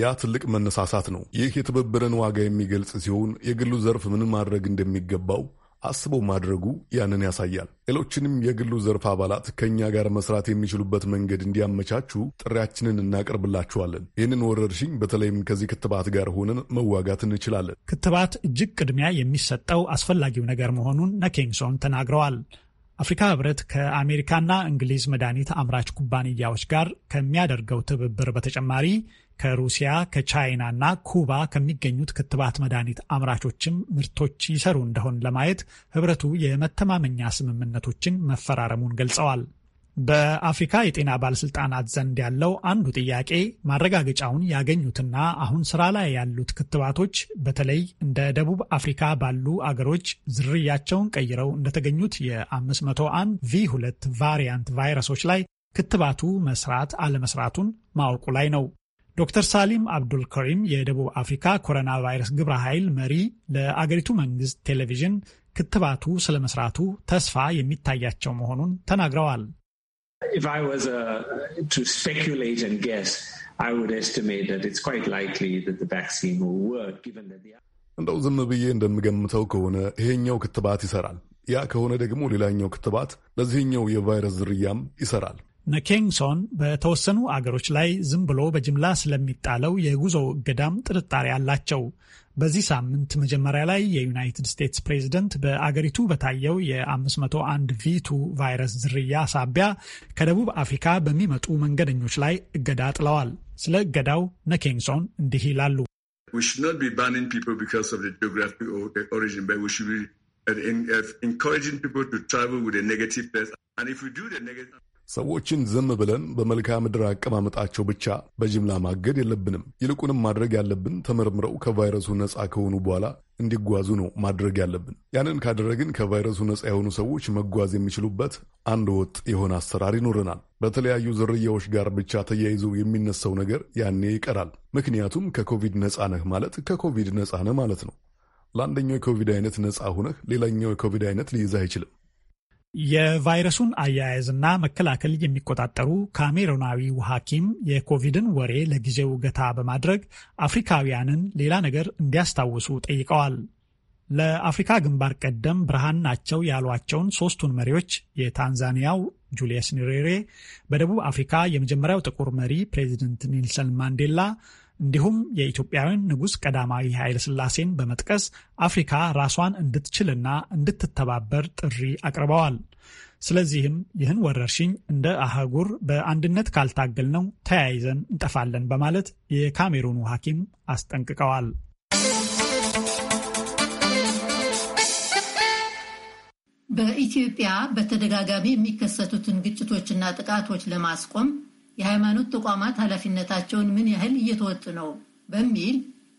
ያ ትልቅ መነሳሳት ነው። ይህ የትብብርን ዋጋ የሚገልጽ ሲሆን የግሉ ዘርፍ ምን ማድረግ እንደሚገባው አስቦ ማድረጉ ያንን ያሳያል። ሌሎችንም የግሉ ዘርፍ አባላት ከእኛ ጋር መስራት የሚችሉበት መንገድ እንዲያመቻቹ ጥሪያችንን እናቀርብላችኋለን። ይህንን ወረርሽኝ በተለይም ከዚህ ክትባት ጋር ሆነን መዋጋት እንችላለን። ክትባት እጅግ ቅድሚያ የሚሰጠው አስፈላጊው ነገር መሆኑን ነኬንሶን ተናግረዋል። አፍሪካ ህብረት ከአሜሪካና እንግሊዝ መድኃኒት አምራች ኩባንያዎች ጋር ከሚያደርገው ትብብር በተጨማሪ ከሩሲያ ከቻይናና ኩባ ከሚገኙት ክትባት መድኃኒት አምራቾችም ምርቶች ይሰሩ እንደሆን ለማየት ህብረቱ የመተማመኛ ስምምነቶችን መፈራረሙን ገልጸዋል። በአፍሪካ የጤና ባለስልጣናት ዘንድ ያለው አንዱ ጥያቄ ማረጋገጫውን ያገኙትና አሁን ስራ ላይ ያሉት ክትባቶች በተለይ እንደ ደቡብ አፍሪካ ባሉ አገሮች ዝርያቸውን ቀይረው እንደተገኙት የ501 ቪ2 ቫሪያንት ቫይረሶች ላይ ክትባቱ መስራት አለመስራቱን ማወቁ ላይ ነው። ዶክተር ሳሊም አብዱል ከሪም የደቡብ አፍሪካ ኮሮና ቫይረስ ግብረ ኃይል መሪ ለአገሪቱ መንግስት ቴሌቪዥን ክትባቱ ስለመስራቱ ተስፋ የሚታያቸው መሆኑን ተናግረዋል። If I was uh, to speculate and guess, I would estimate that it's quite likely that the vaccine will work, given that the እንደው ዝም ብዬ እንደምገምተው ከሆነ ይሄኛው ክትባት ይሰራል። ያ ከሆነ ደግሞ ሌላኛው ክትባት ለዚህኛው የቫይረስ ዝርያም ይሰራል። ነኬንግሶን በተወሰኑ አገሮች ላይ ዝም ብሎ በጅምላ ስለሚጣለው የጉዞ እገዳም ጥርጣሬ አላቸው። በዚህ ሳምንት መጀመሪያ ላይ የዩናይትድ ስቴትስ ፕሬዝደንት በአገሪቱ በታየው የ501 ቪቱ ቫይረስ ዝርያ ሳቢያ ከደቡብ አፍሪካ በሚመጡ መንገደኞች ላይ እገዳ ጥለዋል። ስለ እገዳው ነኬንሶን እንዲህ ይላሉ። ሰዎችን ዝም ብለን በመልክዓ ምድር አቀማመጣቸው ብቻ በጅምላ ማገድ የለብንም። ይልቁንም ማድረግ ያለብን ተመርምረው ከቫይረሱ ነፃ ከሆኑ በኋላ እንዲጓዙ ነው ማድረግ ያለብን። ያንን ካደረግን ከቫይረሱ ነፃ የሆኑ ሰዎች መጓዝ የሚችሉበት አንድ ወጥ የሆነ አሰራር ይኖረናል። በተለያዩ ዝርያዎች ጋር ብቻ ተያይዞ የሚነሳው ነገር ያኔ ይቀራል። ምክንያቱም ከኮቪድ ነፃ ነህ ማለት ከኮቪድ ነፃ ነህ ማለት ነው። ለአንደኛው የኮቪድ አይነት ነፃ ሁነህ ሌላኛው የኮቪድ አይነት ሊይዝህ አይችልም። የቫይረሱን አያያዝና መከላከል የሚቆጣጠሩ ካሜሮናዊው ሐኪም የኮቪድን ወሬ ለጊዜው ገታ በማድረግ አፍሪካውያንን ሌላ ነገር እንዲያስታውሱ ጠይቀዋል። ለአፍሪካ ግንባር ቀደም ብርሃን ናቸው ያሏቸውን ሶስቱን መሪዎች የታንዛኒያው ጁልየስ ኒሬሬ፣ በደቡብ አፍሪካ የመጀመሪያው ጥቁር መሪ ፕሬዚደንት ኔልሰን ማንዴላ እንዲሁም የኢትዮጵያውያን ንጉሥ ቀዳማዊ ኃይለ ሥላሴን በመጥቀስ አፍሪካ ራሷን እንድትችልና እንድትተባበር ጥሪ አቅርበዋል። ስለዚህም ይህን ወረርሽኝ እንደ አህጉር በአንድነት ካልታገልነው ተያይዘን እንጠፋለን በማለት የካሜሩኑ ሐኪም አስጠንቅቀዋል። በኢትዮጵያ በተደጋጋሚ የሚከሰቱትን ግጭቶችና ጥቃቶች ለማስቆም የሃይማኖት ተቋማት ኃላፊነታቸውን ምን ያህል እየተወጡ ነው በሚል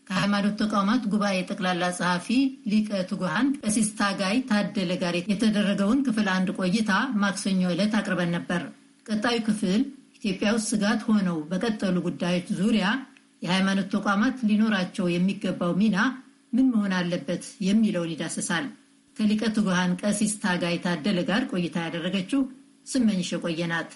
ከሃይማኖት ተቋማት ጉባኤ ጠቅላላ ጸሐፊ ሊቀ ትጉሃን ቀሲስ ታጋይ ታደለ ጋር የተደረገውን ክፍል አንድ ቆይታ ማክሰኞ ዕለት አቅርበን ነበር። ቀጣዩ ክፍል ኢትዮጵያ ውስጥ ስጋት ሆነው በቀጠሉ ጉዳዮች ዙሪያ የሃይማኖት ተቋማት ሊኖራቸው የሚገባው ሚና ምን መሆን አለበት የሚለውን ይዳስሳል። ከሊቀ ትጉሃን ቀሲስ ታጋይ ታደለ ጋር ቆይታ ያደረገችው ስመኝሽ የቆየናት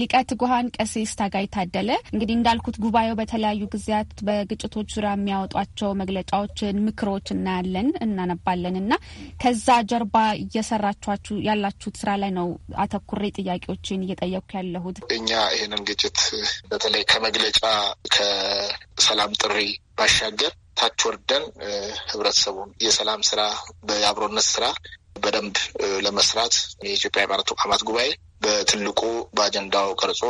ሊቀ ትጉሃን ቀሲስ ታጋይ ታደለ፣ እንግዲህ እንዳልኩት ጉባኤው በተለያዩ ጊዜያት በግጭቶች ዙሪያ የሚያወጧቸው መግለጫዎችን፣ ምክሮች እናያለን እናነባለን እና ከዛ ጀርባ እየሰራችኋችሁ ያላችሁት ስራ ላይ ነው አተኩሬ ጥያቄዎችን እየጠየቅኩ ያለሁት። እኛ ይህንን ግጭት በተለይ ከመግለጫ ከሰላም ጥሪ ባሻገር ታች ወርደን ህብረተሰቡን የሰላም ስራ፣ የአብሮነት ስራ በደንብ ለመስራት የኢትዮጵያ ሃይማኖት ተቋማት ጉባኤ በትልቁ በአጀንዳው ቀርጾ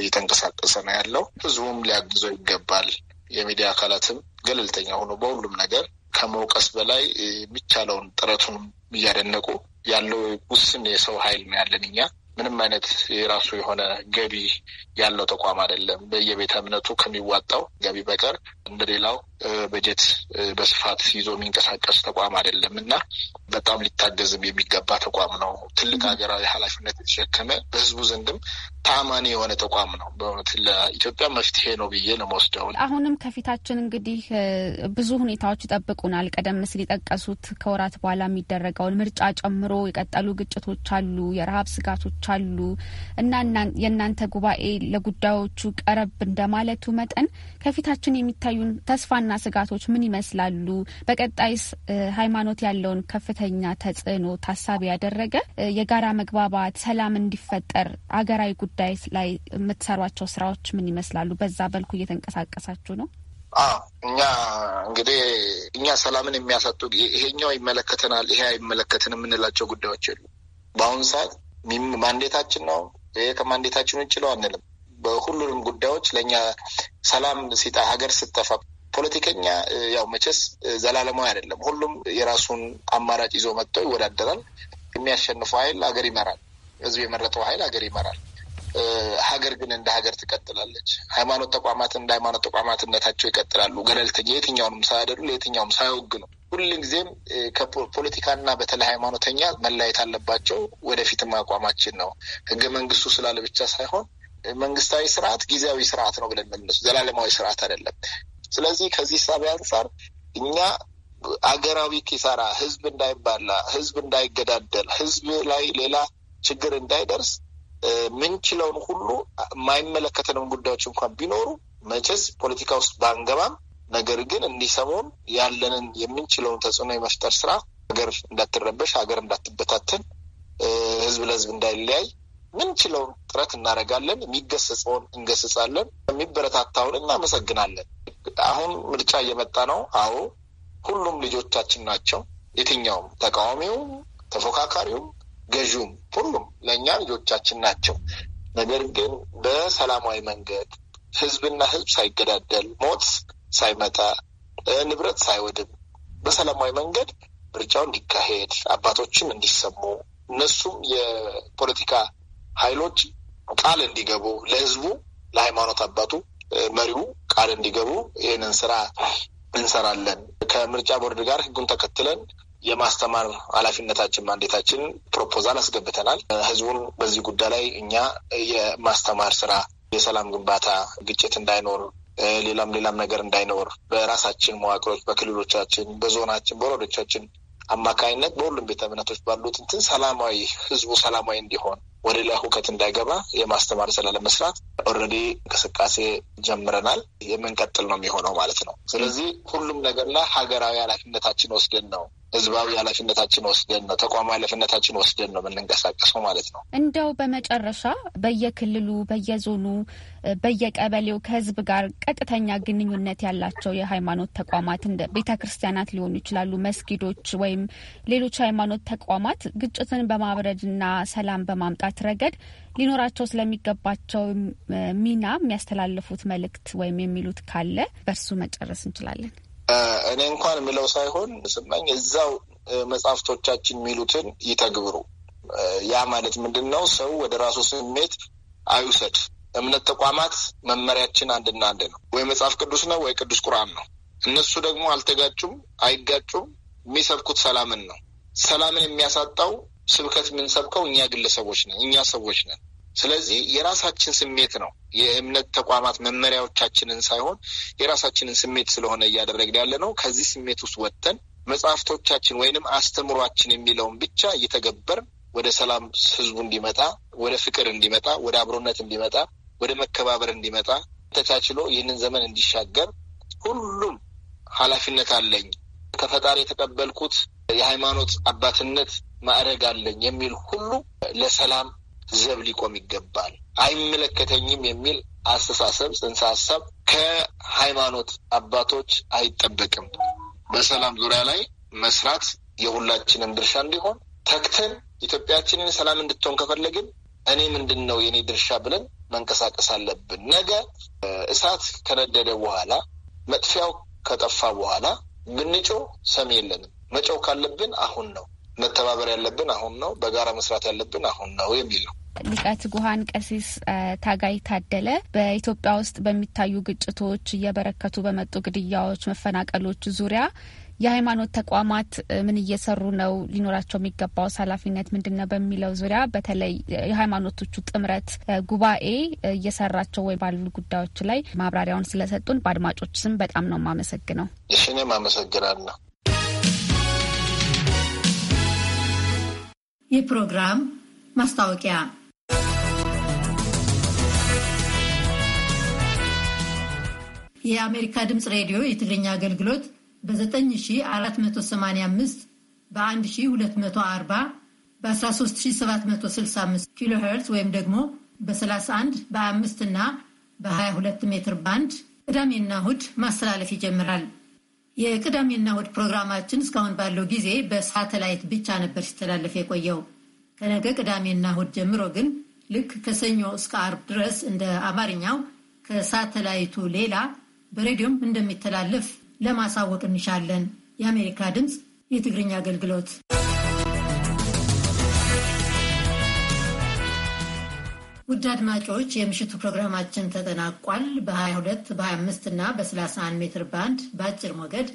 እየተንቀሳቀሰ ነው ያለው። ህዝቡም ሊያግዘው ይገባል። የሚዲያ አካላትም ገለልተኛ ሆኖ በሁሉም ነገር ከመውቀስ በላይ የሚቻለውን ጥረቱን እያደነቁ ያለው ውስን የሰው ኃይል ነው ያለን እኛ ምንም አይነት የራሱ የሆነ ገቢ ያለው ተቋም አይደለም። በየቤተ እምነቱ ከሚዋጣው ገቢ በቀር እንደሌላው በጀት በስፋት ይዞ የሚንቀሳቀስ ተቋም አይደለም እና በጣም ሊታገዝም የሚገባ ተቋም ነው። ትልቅ ሀገራዊ ኃላፊነት የተሸከመ በህዝቡ ዘንድም ታማኒ የሆነ ተቋም ነው። በእውነት ለኢትዮጵያ መፍትሄ ነው ብዬ ነው መወስደው። አሁንም ከፊታችን እንግዲህ ብዙ ሁኔታዎች ይጠብቁናል። ቀደም ሲል የጠቀሱት ከወራት በኋላ የሚደረገውን ምርጫ ጨምሮ የቀጠሉ ግጭቶች አሉ፣ የረሀብ ስጋቶች ጉዳዮች አሉ እና የእናንተ ጉባኤ ለጉዳዮቹ ቀረብ እንደማለቱ መጠን ከፊታችን የሚታዩን ተስፋና ስጋቶች ምን ይመስላሉ? በቀጣይስ ሃይማኖት ያለውን ከፍተኛ ተጽዕኖ ታሳቢ ያደረገ የጋራ መግባባት፣ ሰላም እንዲፈጠር አገራዊ ጉዳይ ላይ የምትሰሯቸው ስራዎች ምን ይመስላሉ? በዛ በልኩ እየተንቀሳቀሳችሁ ነው? እኛ እንግዲህ እኛ ሰላምን የሚያሳጡ ይሄኛው ይመለከተናል፣ ይሄ አይመለከትን የምንላቸው ጉዳዮች የሉ። በአሁኑ ሰዓት ማንዴታችን ነው። ይህ ከማንዴታችን ውጭ ለው አንልም። በሁሉንም ጉዳዮች ለእኛ ሰላም ሲጣ ሀገር ስጠፋ ፖለቲከኛ ያው መቼስ ዘላለማዊ አይደለም። ሁሉም የራሱን አማራጭ ይዞ መጥቶ ይወዳደራል። የሚያሸንፈው ኃይል ሀገር ይመራል። ህዝብ የመረጠው ኃይል ሀገር ይመራል። ሀገር ግን እንደ ሀገር ትቀጥላለች። ሃይማኖት ተቋማት እንደ ሃይማኖት ተቋማትነታቸው ይቀጥላሉ። ገለልተኛ የትኛውንም ሳያደሉ ለየትኛውም ነው። ጊዜም ከፖለቲካና በተለይ ሃይማኖተኛ መለያየት አለባቸው። ወደፊትም አቋማችን ነው። ህገ መንግስቱ ስላለ ብቻ ሳይሆን መንግስታዊ ስርዓት ጊዜያዊ ስርዓት ነው ብለን መልሱ ዘላለማዊ ስርዓት አይደለም። ስለዚህ ከዚህ ሳቢ አንጻር እኛ አገራዊ ኪሳራ፣ ህዝብ እንዳይባላ፣ ህዝብ እንዳይገዳደል፣ ህዝብ ላይ ሌላ ችግር እንዳይደርስ ምንችለውን ሁሉ የማይመለከተንም ጉዳዮች እንኳን ቢኖሩ መቼስ ፖለቲካ ውስጥ ባንገባም ነገር ግን እንዲህ ሰሞን ያለንን የምንችለውን ተጽዕኖ የመፍጠር ስራ ሀገር እንዳትረበሽ፣ ሀገር እንዳትበታተን፣ ህዝብ ለህዝብ እንዳይለያይ ምንችለውን ጥረት እናደርጋለን። የሚገሰጸውን እንገስጻለን፣ የሚበረታታውን እናመሰግናለን። አሁን ምርጫ እየመጣ ነው። አዎ ሁሉም ልጆቻችን ናቸው። የትኛውም ተቃዋሚውም፣ ተፎካካሪውም፣ ገዢውም ሁሉም ለእኛ ልጆቻችን ናቸው። ነገር ግን በሰላማዊ መንገድ ህዝብና ህዝብ ሳይገዳደል ሞት ሳይመጣ ንብረት ሳይወድም በሰላማዊ መንገድ ምርጫው እንዲካሄድ አባቶችም እንዲሰሙ እነሱም የፖለቲካ ኃይሎች ቃል እንዲገቡ ለህዝቡ ለሃይማኖት አባቱ መሪው ቃል እንዲገቡ ይህንን ስራ እንሰራለን። ከምርጫ ቦርድ ጋር ህጉን ተከትለን የማስተማር ኃላፊነታችን ማንዴታችን ፕሮፖዛል አስገብተናል። ህዝቡን በዚህ ጉዳይ ላይ እኛ የማስተማር ስራ የሰላም ግንባታ ግጭት እንዳይኖር ሌላም ሌላም ነገር እንዳይኖር በራሳችን መዋቅሮች፣ በክልሎቻችን፣ በዞናችን፣ በወረዶቻችን አማካኝነት በሁሉም ቤተ እምነቶች ባሉት እንትን ሰላማዊ ህዝቡ ሰላማዊ እንዲሆን ወደ ላይ ሁከት እንዳይገባ የማስተማር ስራ ለመስራት ኦልሬዲ እንቅስቃሴ ጀምረናል። የምንቀጥል ነው የሚሆነው ማለት ነው። ስለዚህ ሁሉም ነገር ላይ ሀገራዊ ኃላፊነታችን ወስደን ነው ህዝባዊ ኃላፊነታችን ወስደን ነው ተቋማዊ ኃላፊነታችን ወስደን ነው የምንንቀሳቀሰው ማለት ነው። እንደው በመጨረሻ በየክልሉ በየዞኑ በየቀበሌው ከህዝብ ጋር ቀጥተኛ ግንኙነት ያላቸው የሃይማኖት ተቋማት እንደ ቤተ ክርስቲያናት ሊሆኑ ይችላሉ፣ መስጊዶች ወይም ሌሎች ሃይማኖት ተቋማት ግጭትን በማብረድና ሰላም በማምጣት ረገድ ሊኖራቸው ስለሚገባቸው ሚና የሚያስተላልፉት መልእክት ወይም የሚሉት ካለ በእርሱ መጨረስ እንችላለን። እኔ እንኳን የሚለው ሳይሆን ስመኝ እዛው መጽሐፍቶቻችን የሚሉትን ይተግብሩ። ያ ማለት ምንድን ነው? ሰው ወደ ራሱ ስሜት አይውሰድ። እምነት ተቋማት መመሪያችን አንድና አንድ ነው። ወይ መጽሐፍ ቅዱስ ነው ወይ ቅዱስ ቁርአን ነው። እነሱ ደግሞ አልተጋጩም፣ አይጋጩም። የሚሰብኩት ሰላምን ነው። ሰላምን የሚያሳጣው ስብከት የምንሰብከው እኛ ግለሰቦች ነን፣ እኛ ሰዎች ነን። ስለዚህ የራሳችን ስሜት ነው የእምነት ተቋማት መመሪያዎቻችንን ሳይሆን የራሳችንን ስሜት ስለሆነ እያደረግን ያለ ነው። ከዚህ ስሜት ውስጥ ወጥተን መጽሐፍቶቻችን ወይንም አስተምሯችን የሚለውን ብቻ እየተገበር ወደ ሰላም ህዝቡ እንዲመጣ፣ ወደ ፍቅር እንዲመጣ፣ ወደ አብሮነት እንዲመጣ፣ ወደ መከባበር እንዲመጣ ተቻችሎ ይህንን ዘመን እንዲሻገር ሁሉም ኃላፊነት አለኝ ከፈጣሪ የተቀበልኩት የሃይማኖት አባትነት ማዕረግ አለኝ የሚል ሁሉ ለሰላም ዘብ ሊቆም ይገባል፣ አይመለከተኝም የሚል አስተሳሰብ፣ ጽንሰ ሀሳብ ከሃይማኖት አባቶች አይጠበቅም። በሰላም ዙሪያ ላይ መስራት የሁላችንም ድርሻ እንዲሆን ተግተን ኢትዮጵያችንን ሰላም እንድትሆን ከፈለግን እኔ ምንድን ነው የእኔ ድርሻ ብለን መንቀሳቀስ አለብን። ነገ እሳት ከነደደ በኋላ መጥፊያው ከጠፋ በኋላ ብንጮ ሰሚ የለንም። መጮው ካለብን አሁን ነው። መተባበር ያለብን አሁን ነው፣ በጋራ መስራት ያለብን አሁን ነው የሚል ነው። ሊቃት ጉሀን ቀሲስ ታጋይ ታደለ በኢትዮጵያ ውስጥ በሚታዩ ግጭቶች፣ እየበረከቱ በመጡ ግድያዎች፣ መፈናቀሎች ዙሪያ የሃይማኖት ተቋማት ምን እየሰሩ ነው፣ ሊኖራቸው የሚገባው ኃላፊነት ምንድን ነው በሚለው ዙሪያ በተለይ የሃይማኖቶቹ ጥምረት ጉባኤ እየሰራቸው ወይ ባሉ ጉዳዮች ላይ ማብራሪያውን ስለሰጡን በአድማጮች ስም በጣም ነው የማመሰግነው። እሺ አመሰግናለሁ። የፕሮግራም ማስታወቂያ የአሜሪካ ድምፅ ሬዲዮ የትግርኛ አገልግሎት በ9485 በ1240 በ13765 ኪሎ ወይም ደግሞ በ31 በ 5 እና በ22 ሜትር ባንድ ቅዳሜና እሁድ ማስተላለፍ ይጀምራል። የቅዳሜና እሑድ ፕሮግራማችን እስካሁን ባለው ጊዜ በሳተላይት ብቻ ነበር ሲተላለፍ የቆየው። ከነገ ቅዳሜና እሑድ ጀምሮ ግን ልክ ከሰኞ እስከ አርብ ድረስ እንደ አማርኛው ከሳተላይቱ ሌላ በሬዲዮም እንደሚተላለፍ ለማሳወቅ እንሻለን። የአሜሪካ ድምፅ የትግርኛ አገልግሎት ውድ አድማጮች የምሽቱ ፕሮግራማችን ተጠናቋል። በ22 በ25 እና በ31 ሜትር ባንድ በአጭር ሞገድ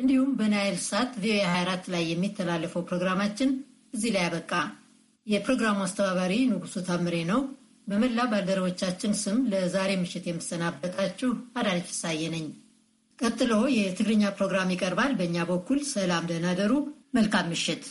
እንዲሁም በናይል ሳት ቪኦኤ 24 ላይ የሚተላለፈው ፕሮግራማችን እዚህ ላይ ያበቃ። የፕሮግራሙ አስተባባሪ ንጉሱ ታምሬ ነው። በመላ ባልደረቦቻችን ስም ለዛሬ ምሽት የምሰናበታችሁ አዳነች ሳዬ ነኝ። ቀጥሎ የትግርኛ ፕሮግራም ይቀርባል። በእኛ በኩል ሰላም፣ ደህና ደሩ። መልካም ምሽት።